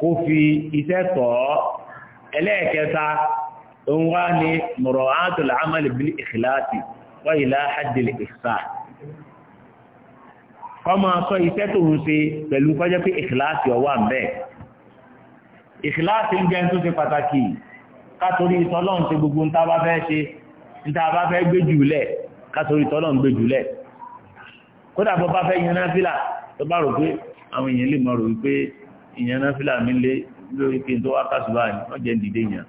kó fi iṣẹ́ tọ̀ ọ́ ẹlẹ́ẹ̀kẹta òun wá ní mura'atu al amal bil ikhlasi wa ila hadd al ihsan kọ́mọ sọ iṣẹ́ tó ń ṣe pẹ̀lú kọjá pé ìkìláàsì ọwọ́ àbẹ́ ìkìláàsì ń jẹ́ tó ṣe pàtàkì kátorí ìtọ́lọ́n ṣe gbogbo ń tá bá fẹ́ ṣe ń tá bá fẹ́ gbé jùlẹ̀ kátorí ìtọ́lọ́n gbé jùlẹ̀ kódà bọ́ bá fẹ́ yan náfìlà tó bá rò pé àwọn èèyàn lè máa rò wípé ìyan náfìlà mi lé lórí pé tó wá kásùbà ni wọ́n jẹ́ dìde yàn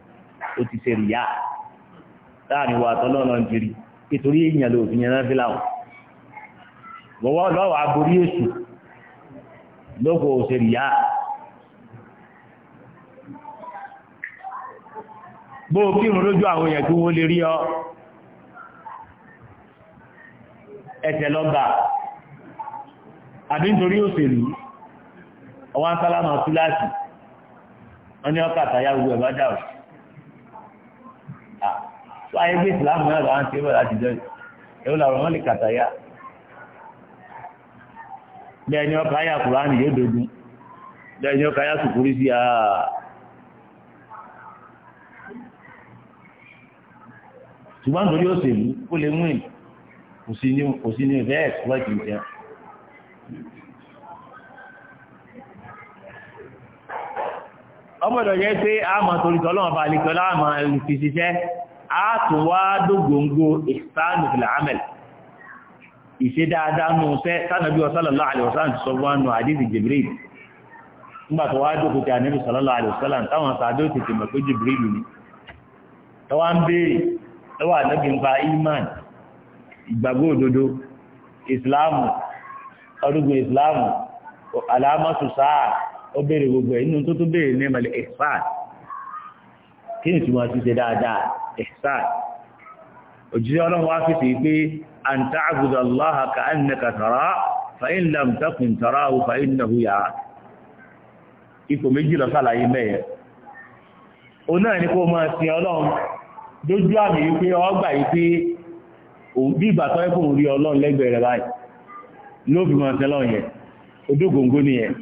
ó ti ṣe rìyà láàrin wa tọ́lọ́ lọ́n jiri nítorí èèyàn ló fi yan náfìlà o bọ́wọ́ lọ́wọ́ aborí èṣù lóko ṣe rìyà. bó o kírun lójú àwọn èèyàn tí wọ́n lè rí ọ ẹsẹ̀ lọ́gbà àbí nítorí òṣèlú ọwọ́ sálámà kíláàsì wọ́n ní ọkà àtàyà gbogbo ẹ̀ dà ó tó ayé gbé ìsìláàmù náà lọ́wọ́ na ìbọ̀lá àtijọ́ ẹ̀rọ làwọn wọn kàtàyà bẹ́ẹ̀ ni ọkà ayà kùránì yóò dogun bẹ́ẹ̀ ni ọkà ayà a. ṣùgbọ́n nítorí òṣèlú kó lè kò sí ní ìfẹ́ ọgbọ́dọ̀ yẹ pé a mọ̀ torí tọ́lọ́wọ́n bá lè kọ́lá àmọ́ ìfìṣiṣẹ́ a tún wá dógóńgó ìsánù fìlàmẹ́l ìṣe dáadáa nù fẹ́ sánàbí sallallahu alaihi wasallam ti sọ wọn nù àdìsí Jibril nígbà tó wá dókò tí ànábì sallallahu alaihi wasallam táwọn sàdé ó tètè mọ̀ pé Jibril ni tọ́wọ́ ń béèrè ìsìláàmù ọdúngun ìsìláàmù àlámọ́sù ó béèrè gbogbo ẹ̀ inú tó tó béèrè ní ẹ̀mọ̀lẹ̀ ihsan kí ni ìtumọ̀ ti ṣe dáadáa ihsan òjijì ọlọ́run wá fìtì pé an ta'budu Allaha ka'annaka tara fa in lam takun tarahu fa innahu yara ipò méjì lọ sàlàyé mẹ́yẹ o náà ní kó máa sin ọlọ́run dójú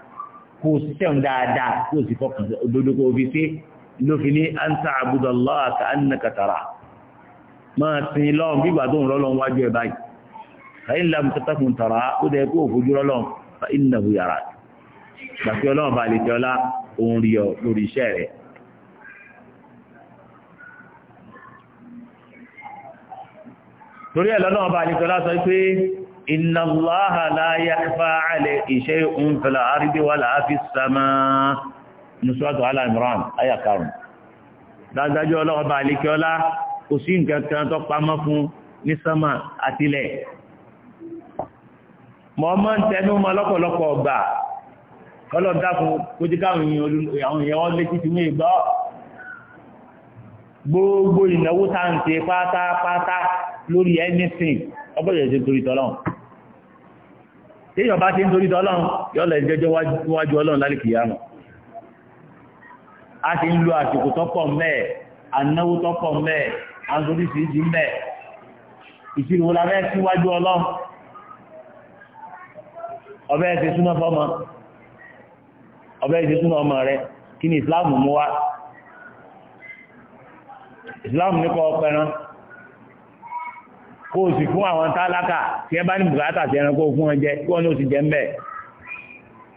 kò síṣẹ́ ń dáadáa tí ó sì fọkàn òdodo kò fi ṣe ló fi ní anta abudulayi aka annaka tara máa sin lọ́wọ́n bí ìgbà tó ń rọ́lọ́wọ́n wájú ẹ̀ báyìí fàyín lam torí ẹ̀ ọba àlejò lásán pé inna allaha la yakhfa alayhi shay'un fil ardi wala fis samaa nusratu ala imran aya karùn dájúdájú ọlọ́wọ́ bá àlékẹ́ ọlá kò sí nǹkan kan tó pamọ́ fún ní sánmà àtìlẹ̀ mọ̀ọ́mọ́ ń tẹnu mọ́ lọ́pọ̀lọpọ̀ ọgbà ọlọ́dàkùn kojú káwọn èèyàn wọn létí tí wọ́n gbọ́ gbogbo ìnáwó táǹtì pátápátá lórí anything ọgbọ́dọ̀ ṣe torí téèyàn bá ti ń torí tọ́lọ́run yọ́lẹ̀ ìjẹjọ́ wájú ọlọ́run lálìkìyàmù a ti ń lo àsìkò tọ́pọ̀ mẹ́ẹ̀ ànáwó tọ́pọ̀ mẹ́ẹ̀ àǹtoríṣiríṣi mẹ́ẹ̀ ìṣirò la fẹ́ síwájú ọlọ́run ọbẹ̀ ti súná fọ́mọ ọbẹ̀ ti súná ọmọ rẹ kí ni mú ní kọ́ kó o sì fún àwọn tálákà tí ẹ bá ní bùkátà sí ẹranko fún ọjẹ kí wọn ní sì jẹ ń bẹ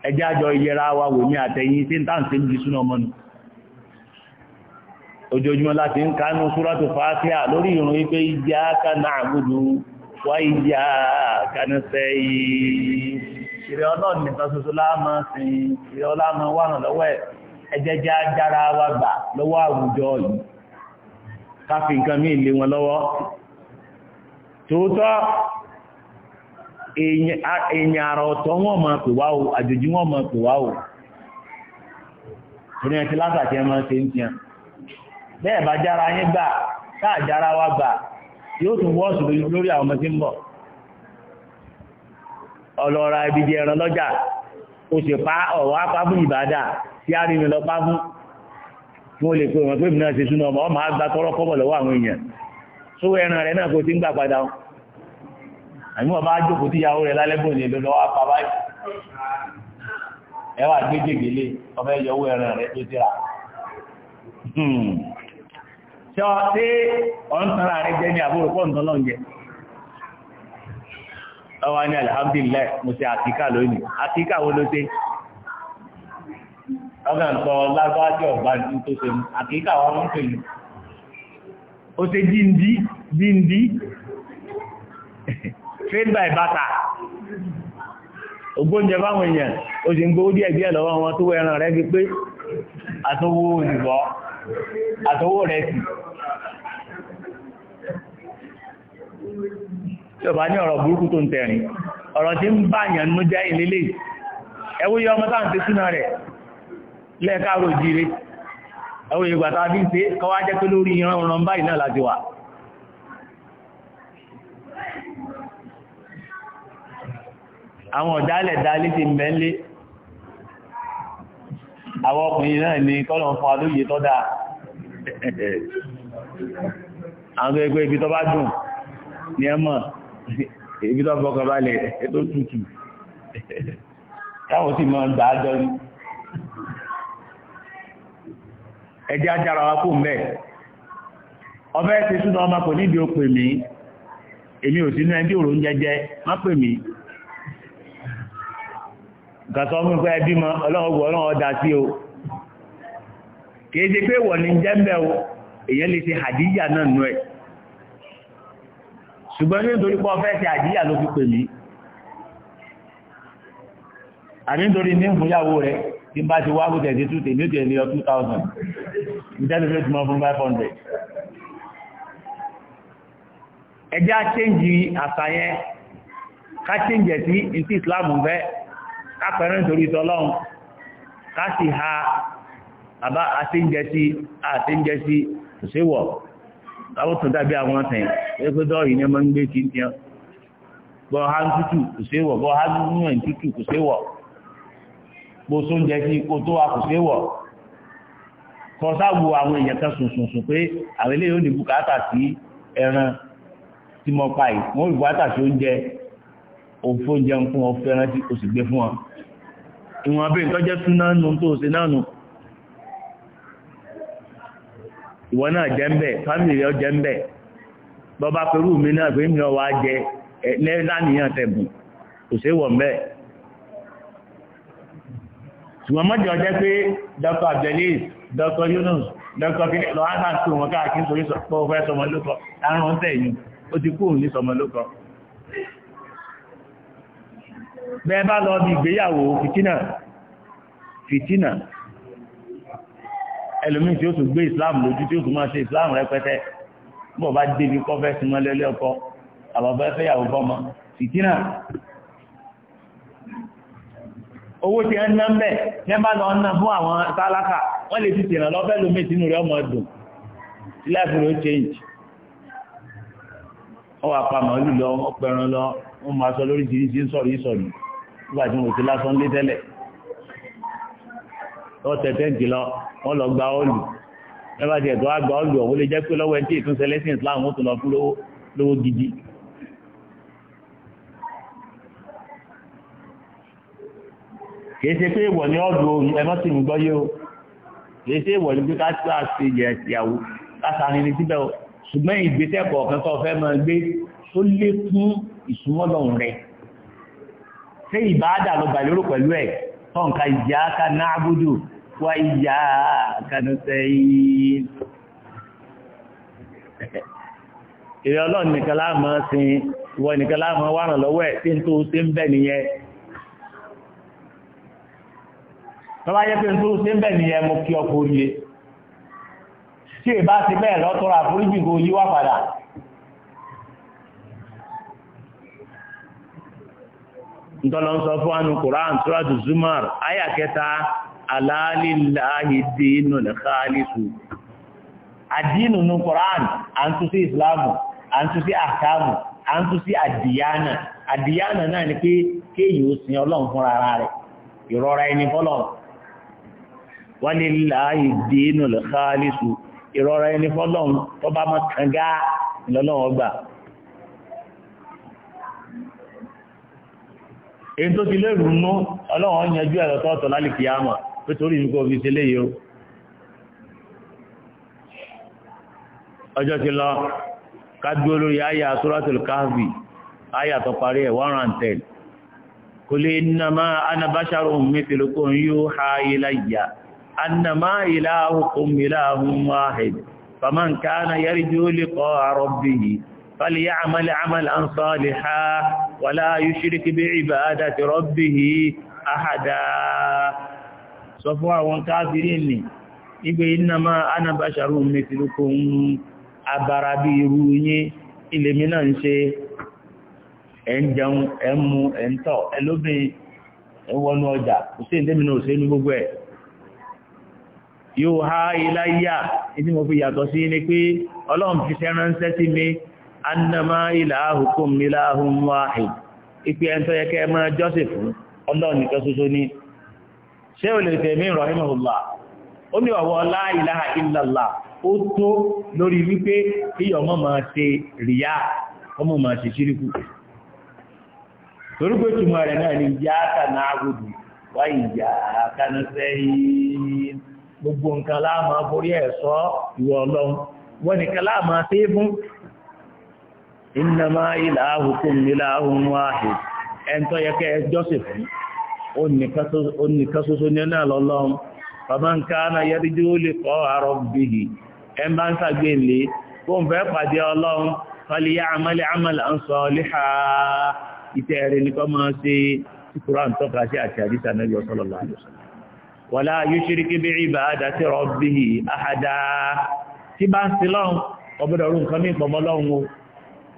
ẹjẹ àjọ ìyẹra wa wò mí àtẹ̀yìn tí ń tà ń ṣe ń ọmọ nù ojoojúmọ́ láti ń kánú súrátù fàáfíà lórí ìrun wípé ìjà kaná àbúdú wá ìjà kaná ìrẹ́ nìkan tòótọ́ èèyàn àrà ọ̀tọ̀ wọn máa pè wá o àjòjì wọn pè wá o torí tí látàkì ṣe ń bẹ́ẹ̀ bá wọ́ọ̀sù lórí àwọn ọmọ tí ń bọ̀ ọlọ́ra ibi ẹran lọ́jà o sì pa ọ̀wọ́ apá fún tí a rí mi lọ pa fún fún olè pé wọn pé mi náà ọmọ àgbà kọ́bọ̀ sówó ẹran rẹ náà kò tí ń gbà padà wọn àmì wọn bá jókòó lálẹ́bùn ní lọ́dọ̀ wá ẹwà báyìí ọmọ ẹ̀yọ owó ẹran rẹ tó ti rà ṣọ́ tí ọ̀ntara rẹ̀ jẹ́ ní àbúrò pọ̀ jẹ ní mo ṣe lónìí wo ló ṣe ọgbà ń sọ tó ṣe wọn ń pè ní ó ṣe jíndí jíndí trade by barter ògbóúnjẹ báwọn èèyàn ó sì ń gbówó díẹ̀ díẹ̀ lọ́wọ́ wọn tó wọ ẹran rẹ̀ fi pé àtọwó òyìnbó àtọwó rẹ̀ sì tí ọba ní ọ̀rọ̀ burúkú tó ń tẹ̀rin ọ̀rọ̀ tí ń bá àyàn nú jẹ́ ìlélẹ̀ ẹwú yọ ọmọ táwọn ti súná rẹ̀ lẹ́ẹ̀káàrò jíire ẹwọ ìgbà tàà bí ṣe kọwàá jẹ́ pé lórí ìran ọ̀ràn báyìí náà láti wà àwọn ọ̀dálẹ̀ dálé ti mẹ́lé àwọn ọkùnrin náà ni kọ́lọ̀ fún alóyè tọ́ dáa àwọn ẹgbẹ́ ibi tọ́ bá dùn ní ẹmọ̀ ibi tọ́ fọkànbalẹ̀ tó tútù táwọn sì mọ́ gbàájọ́ ní ẹjẹ́ ajára wa kó mẹ́ ọbẹ̀ ti súnà ọmọ kò nídìí ó pè mí èmi ò ní ẹbí òrò jẹjẹ má pè mí gàtọ́ mú ẹbí mọ ọlọ́run wọ ọdá sí o kìí ṣe pé wọ̀ ní o lè ṣe náà nú ẹ̀ ṣùgbọ́n nítorí ọfẹ́ ló fi pè mí nítorí ní ìfúnyàwó rẹ̀ tí n bá ti wá bóṣẹ̀ sí tútẹ̀ ní ó tẹ̀ ní ọ 2000 ìjẹ́lẹ̀fẹ́ ti mọ́ fún 500 ẹjá chẹ́ǹjì àṣàyẹn ká chẹ́ǹjẹ̀ sí ìtí Islam fẹ́ ká pẹ̀rẹ́ nítorí tọ́lọ́run ká sì ha àbá àṣẹ́ǹjẹ̀ sí àṣẹ́ǹjẹ̀ sí òṣèwọ̀ láwọn tó dàbí àwọn ọ̀sẹ̀yìn ẹgbẹ́ dọ́ọ̀yìn ní ọmọ ń gbé kí n tiẹ́ bọ́ ha ń tútù òṣèwọ̀ bọ́ ha ń tútù òṣèwọ̀ bó sóúnjẹ sí kó tó akùsé wọ̀ kọ sáàbù àwọn èèyàn kan sùnsùnsùn pé àwọn eléyìí ò ní bùkátà sí ẹran tí mo pa yìí wọn ò ní bùkátà sí oúnjẹ òfò oúnjẹ ń fún wọn fẹ́ràn tí o sì gbé fún wọn ìwọ̀n abẹ́rẹ́ tó jẹ́ tún náà nù tó ṣe náà nù ìwọ náà jẹ́ ń bẹ̀ fámìlì rẹ̀ jẹ́ ń bẹ̀ bọ́ba pẹ̀lú mi náà pé mi náà wá jẹ lẹ́yìn láníyàn tẹ̀bùn kò ṣe wọ̀ ń bẹ́ẹ̀ ṣùgbọ́n mọ́jọ jẹ́ pé dr abdelis dr yunus dr kini lọ wá sáà tó wọn káàkiri torí pọ́ fẹ́ sọmọ lókọ àrùn ń tẹ̀yìn ó ti kúrò ní sọmọ lókọ bẹ́ẹ̀ bá lọ bí ìgbéyàwó fìtínà fìtínà ẹlòmíì tí ó tún gbé islam lójú tí ó tún máa ṣe islam rẹpẹtẹ bọ́ọ̀ bá débi kọ́ fẹ́ sinmọ́lẹ́lẹ́ ọkọ owó tí ẹ ná mẹ́ nẹ́bà lọ ná fún àwọn tálákà wọ́n lè ti tìràn lọ́fẹ́ lómi sínú rẹ̀ ọmọ dùn life will change ọwọ́ àpamọ́ ìlú lọ ọpẹran lọ wọ́n máa sọ lóríṣiríṣi ń sọ̀rọ̀ ìsọ̀rọ̀ nígbà tí mo ti lásán lé tẹ́lẹ̀ wọ́n tẹ̀tẹ̀ jì lọ wọ́n lọ gba ọ́ọ̀lù nẹ́bà tí ẹ̀tọ́ á gba ọ́ọ̀lù ọ̀hún lè jẹ́ pé lọ́wọ́ ẹ̀ tí ètò sẹlẹ́sìn Islam ó tún lọ fún lówó gidi kìí ṣe pé ìwọ̀ ni ọ̀dọ̀ ẹmọ́ sì ń gbọ́ yé o kìí ṣe ìwọ̀ ni pé ká tó àṣe yẹ ìyàwó látàrin ní síbẹ̀ o ṣùgbọ́n ìgbésẹ̀ kọ̀ọ̀kan tó fẹ́ máa gbé tó lé fún ìsúnmọ́lọ́run rẹ̀ ṣé ìbáàdà ló bà lérò pẹ̀lú ẹ̀ tọ́ǹkà ìyá ká na'budu wa ìyá ká nasta'in ìrẹ́ ọlọ́run nìkan láàmú sin ìwọ nìkan láàmú wà ràn lọ́wọ́ tọ́lá jẹ́ pé tó ṣe ń bẹ̀ ní ẹmọ kí ọkọ̀ oríire tí è bá ti bẹ́ẹ̀ lọ́tọ́rọ àforíjì kò yíwá padà ntọ́lọ ń sọ fún wánu Quran suratu Zumar àyà kẹta alálìláhi dínú lẹ́kàálìsù àdínù nu à ń tún sí à ń tún sí àkàmù à ń tún walillahi dinul khalisu ìrọ̀rọ̀ ẹni fọ́lọ́run tó bá mọ́ kànga ìlọ́lọ́wọ́ gbà èyí tó ti lérù mú ọlọ́wọ́n yanjú ẹ̀rọ tọ́ọ̀tọ̀ lálìkì àmọ̀ pé torí ní kò fi ṣe léyìí o ọjọ́ ti lọ kájú olórí àyà suratul kahfi àyà tó ẹ̀ one and ten kò lè nàmá ana basharun mithlukum yuha ilayya أنما إلهكم إله واحد فمن كان يرجو لقاء ربه فليعمل عملا صالحا ولا يشرك بعبادة ربه أحدا صفوا وكافرين ibe innama ana basharun mithlukum abara bí irú yín ilé mi náà ń ṣe ẹ̀ ń jẹun ẹ̀ ń mu ẹ̀ ń tọ̀ ẹ̀ lóbin ẹ̀ wọnú ọjà kò sí gbogbo ẹ̀ yóò ha iláyà ìdí mo fi yàtọ̀ sí ni pé ọlọ́run fi sẹ́ránṣẹ́ sí mi annama ilahukum ilahun wahid ipe ẹ̀ntọ́ yẹ kẹ́ ẹ ọlọ́run nìkan ṣoṣo ní ṣé o lè tẹ̀mí rahimahullah ó ní ọ̀wọ́ o ilaha ó tó lórí wípé ọmọ máa ṣe ọmọ máa ṣe ṣíríkù torí pé túmọ̀ rẹ̀ náà ni gbòdì wáyé gbogbo nǹkan láàmà borí ẹ̀ṣọ́ ìwọ ọlọ́run wọ́n nìkan láàmà tí fún ìnàmá ilahukum ilahun wahid ẹ̀ntọ́ yẹ kẹ́ jọ́sìn fún onìkan ṣoṣo ní náà lọ́lọ́run bàbá ń ká náà yẹ dídí ó lè kọ́ àrọ̀ bìhì ẹ̀ bá ń sàgbé lè kó ń máa ṣe tí kúrò sí àti àdìsà náà yọ sọ́lọ́lá àdìsà wala yushriku bi ibadati rabbihi ahada tí bá ń sin lọ́hùn ọ̀bọ̀dọ̀ ọ̀rùn nǹkan mìíràn pọ̀mọ́ lọ́hùn o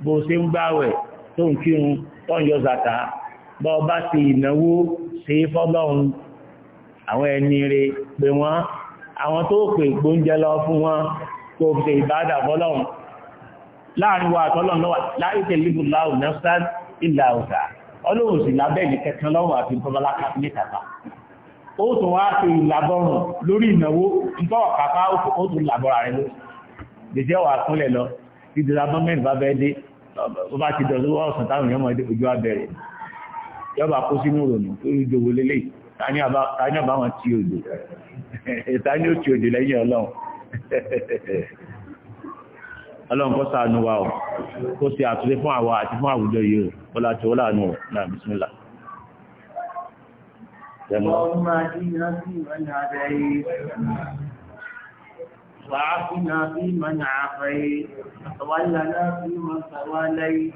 bó ṣe ń gbààwẹ̀ tó ń kírun tó ń yọ zàkà bọ́ ọ bá ti ìnáwó ṣe é fọ́lọ́hùn àwọn ẹni rè pé wọ́n àwọn tó pè gbóúnjẹ lọ fún wọn kó ṣe ìbádà fọ́lọ́hùn láàrin wa àtọ́lọ́hùn lọ́wọ́ láì tẹ̀lé ìbùláwù nafsan ìlà ọ̀sà ọlọ́run sì lábẹ́ ìlú kẹkàn ó tún wá ṣe ìlàbọ̀rùn lórí ìnáwó ìtọ́wọ̀ kàkà ó tún làbọ̀rà rẹ̀ lórí lèṣe wà kúnlẹ̀ lọ ìdílé abọ́mẹ́rin bá bẹ́ẹ̀ dé ó bá ti dọ̀dọ̀ wọ́n ọ̀sán táwọn èèyàn mọ̀ọ́dé ojú abẹ́rẹ́ yọba kó sínú ìrònú lórí ìdòwò lélẹ̀ tani ọba wọn ti òdò tani ó ti òdò lẹ́yìn ọlọ́run ọlọ́run kó ṣàánú wa o kó ṣe àtúnṣe fún àwa àti fún àwùjọ yìí o kó láti wọ́n láàánú اللهم اهدنا فيمن هديت وعافنا فيمن عافيت وتولنا فيمن توليت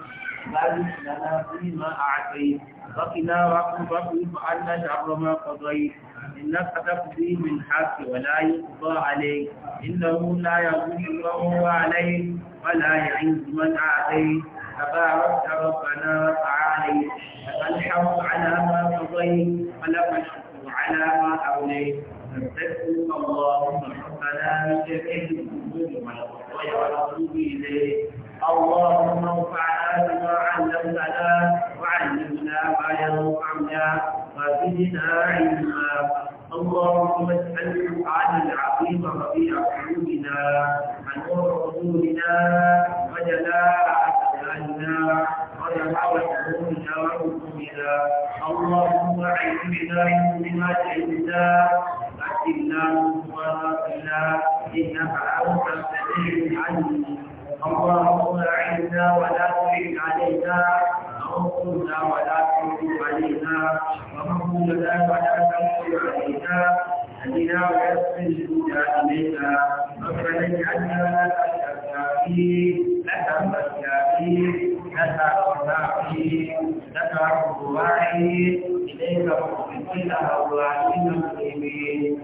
بارك لنا فيما اعطيت وقنا وقنا فيما عنا شر ما قضيت إنك تقضي بالحق ولا يقضى عليك إنه لا يضل من عليك ولا يعز من عليه تبارك ربنا وتعالي الحق على ما قضيت ولك الشكر على ما أوليت نستغفرك اللهم ربنا من جميع الذنوب والخطايا ونتوب إليك اللهم ارفعنا بما علمتنا وعلمنا ما ينفعنا وزدنا علما اللهم اجعل القرآن العظيم ربيع قلوبنا ونور قلوبنا وجلاء أسمائنا ودعوة قلوبنا وحكمنا اللهم اعلم علمنا بما جئتنا أتنا وقلنا إنك أنت السميع العليم اللهم أعنا ولا تعين علينا قولنا ولا تنصر علينا ومن لنا ولا تنصر علينا أدنا ويسر الهدى إلينا ربنا اجعلنا لك الشافعين لك الشافعين لك الشافعين لك الرواعي إليك مخلصين أولئك المسلمين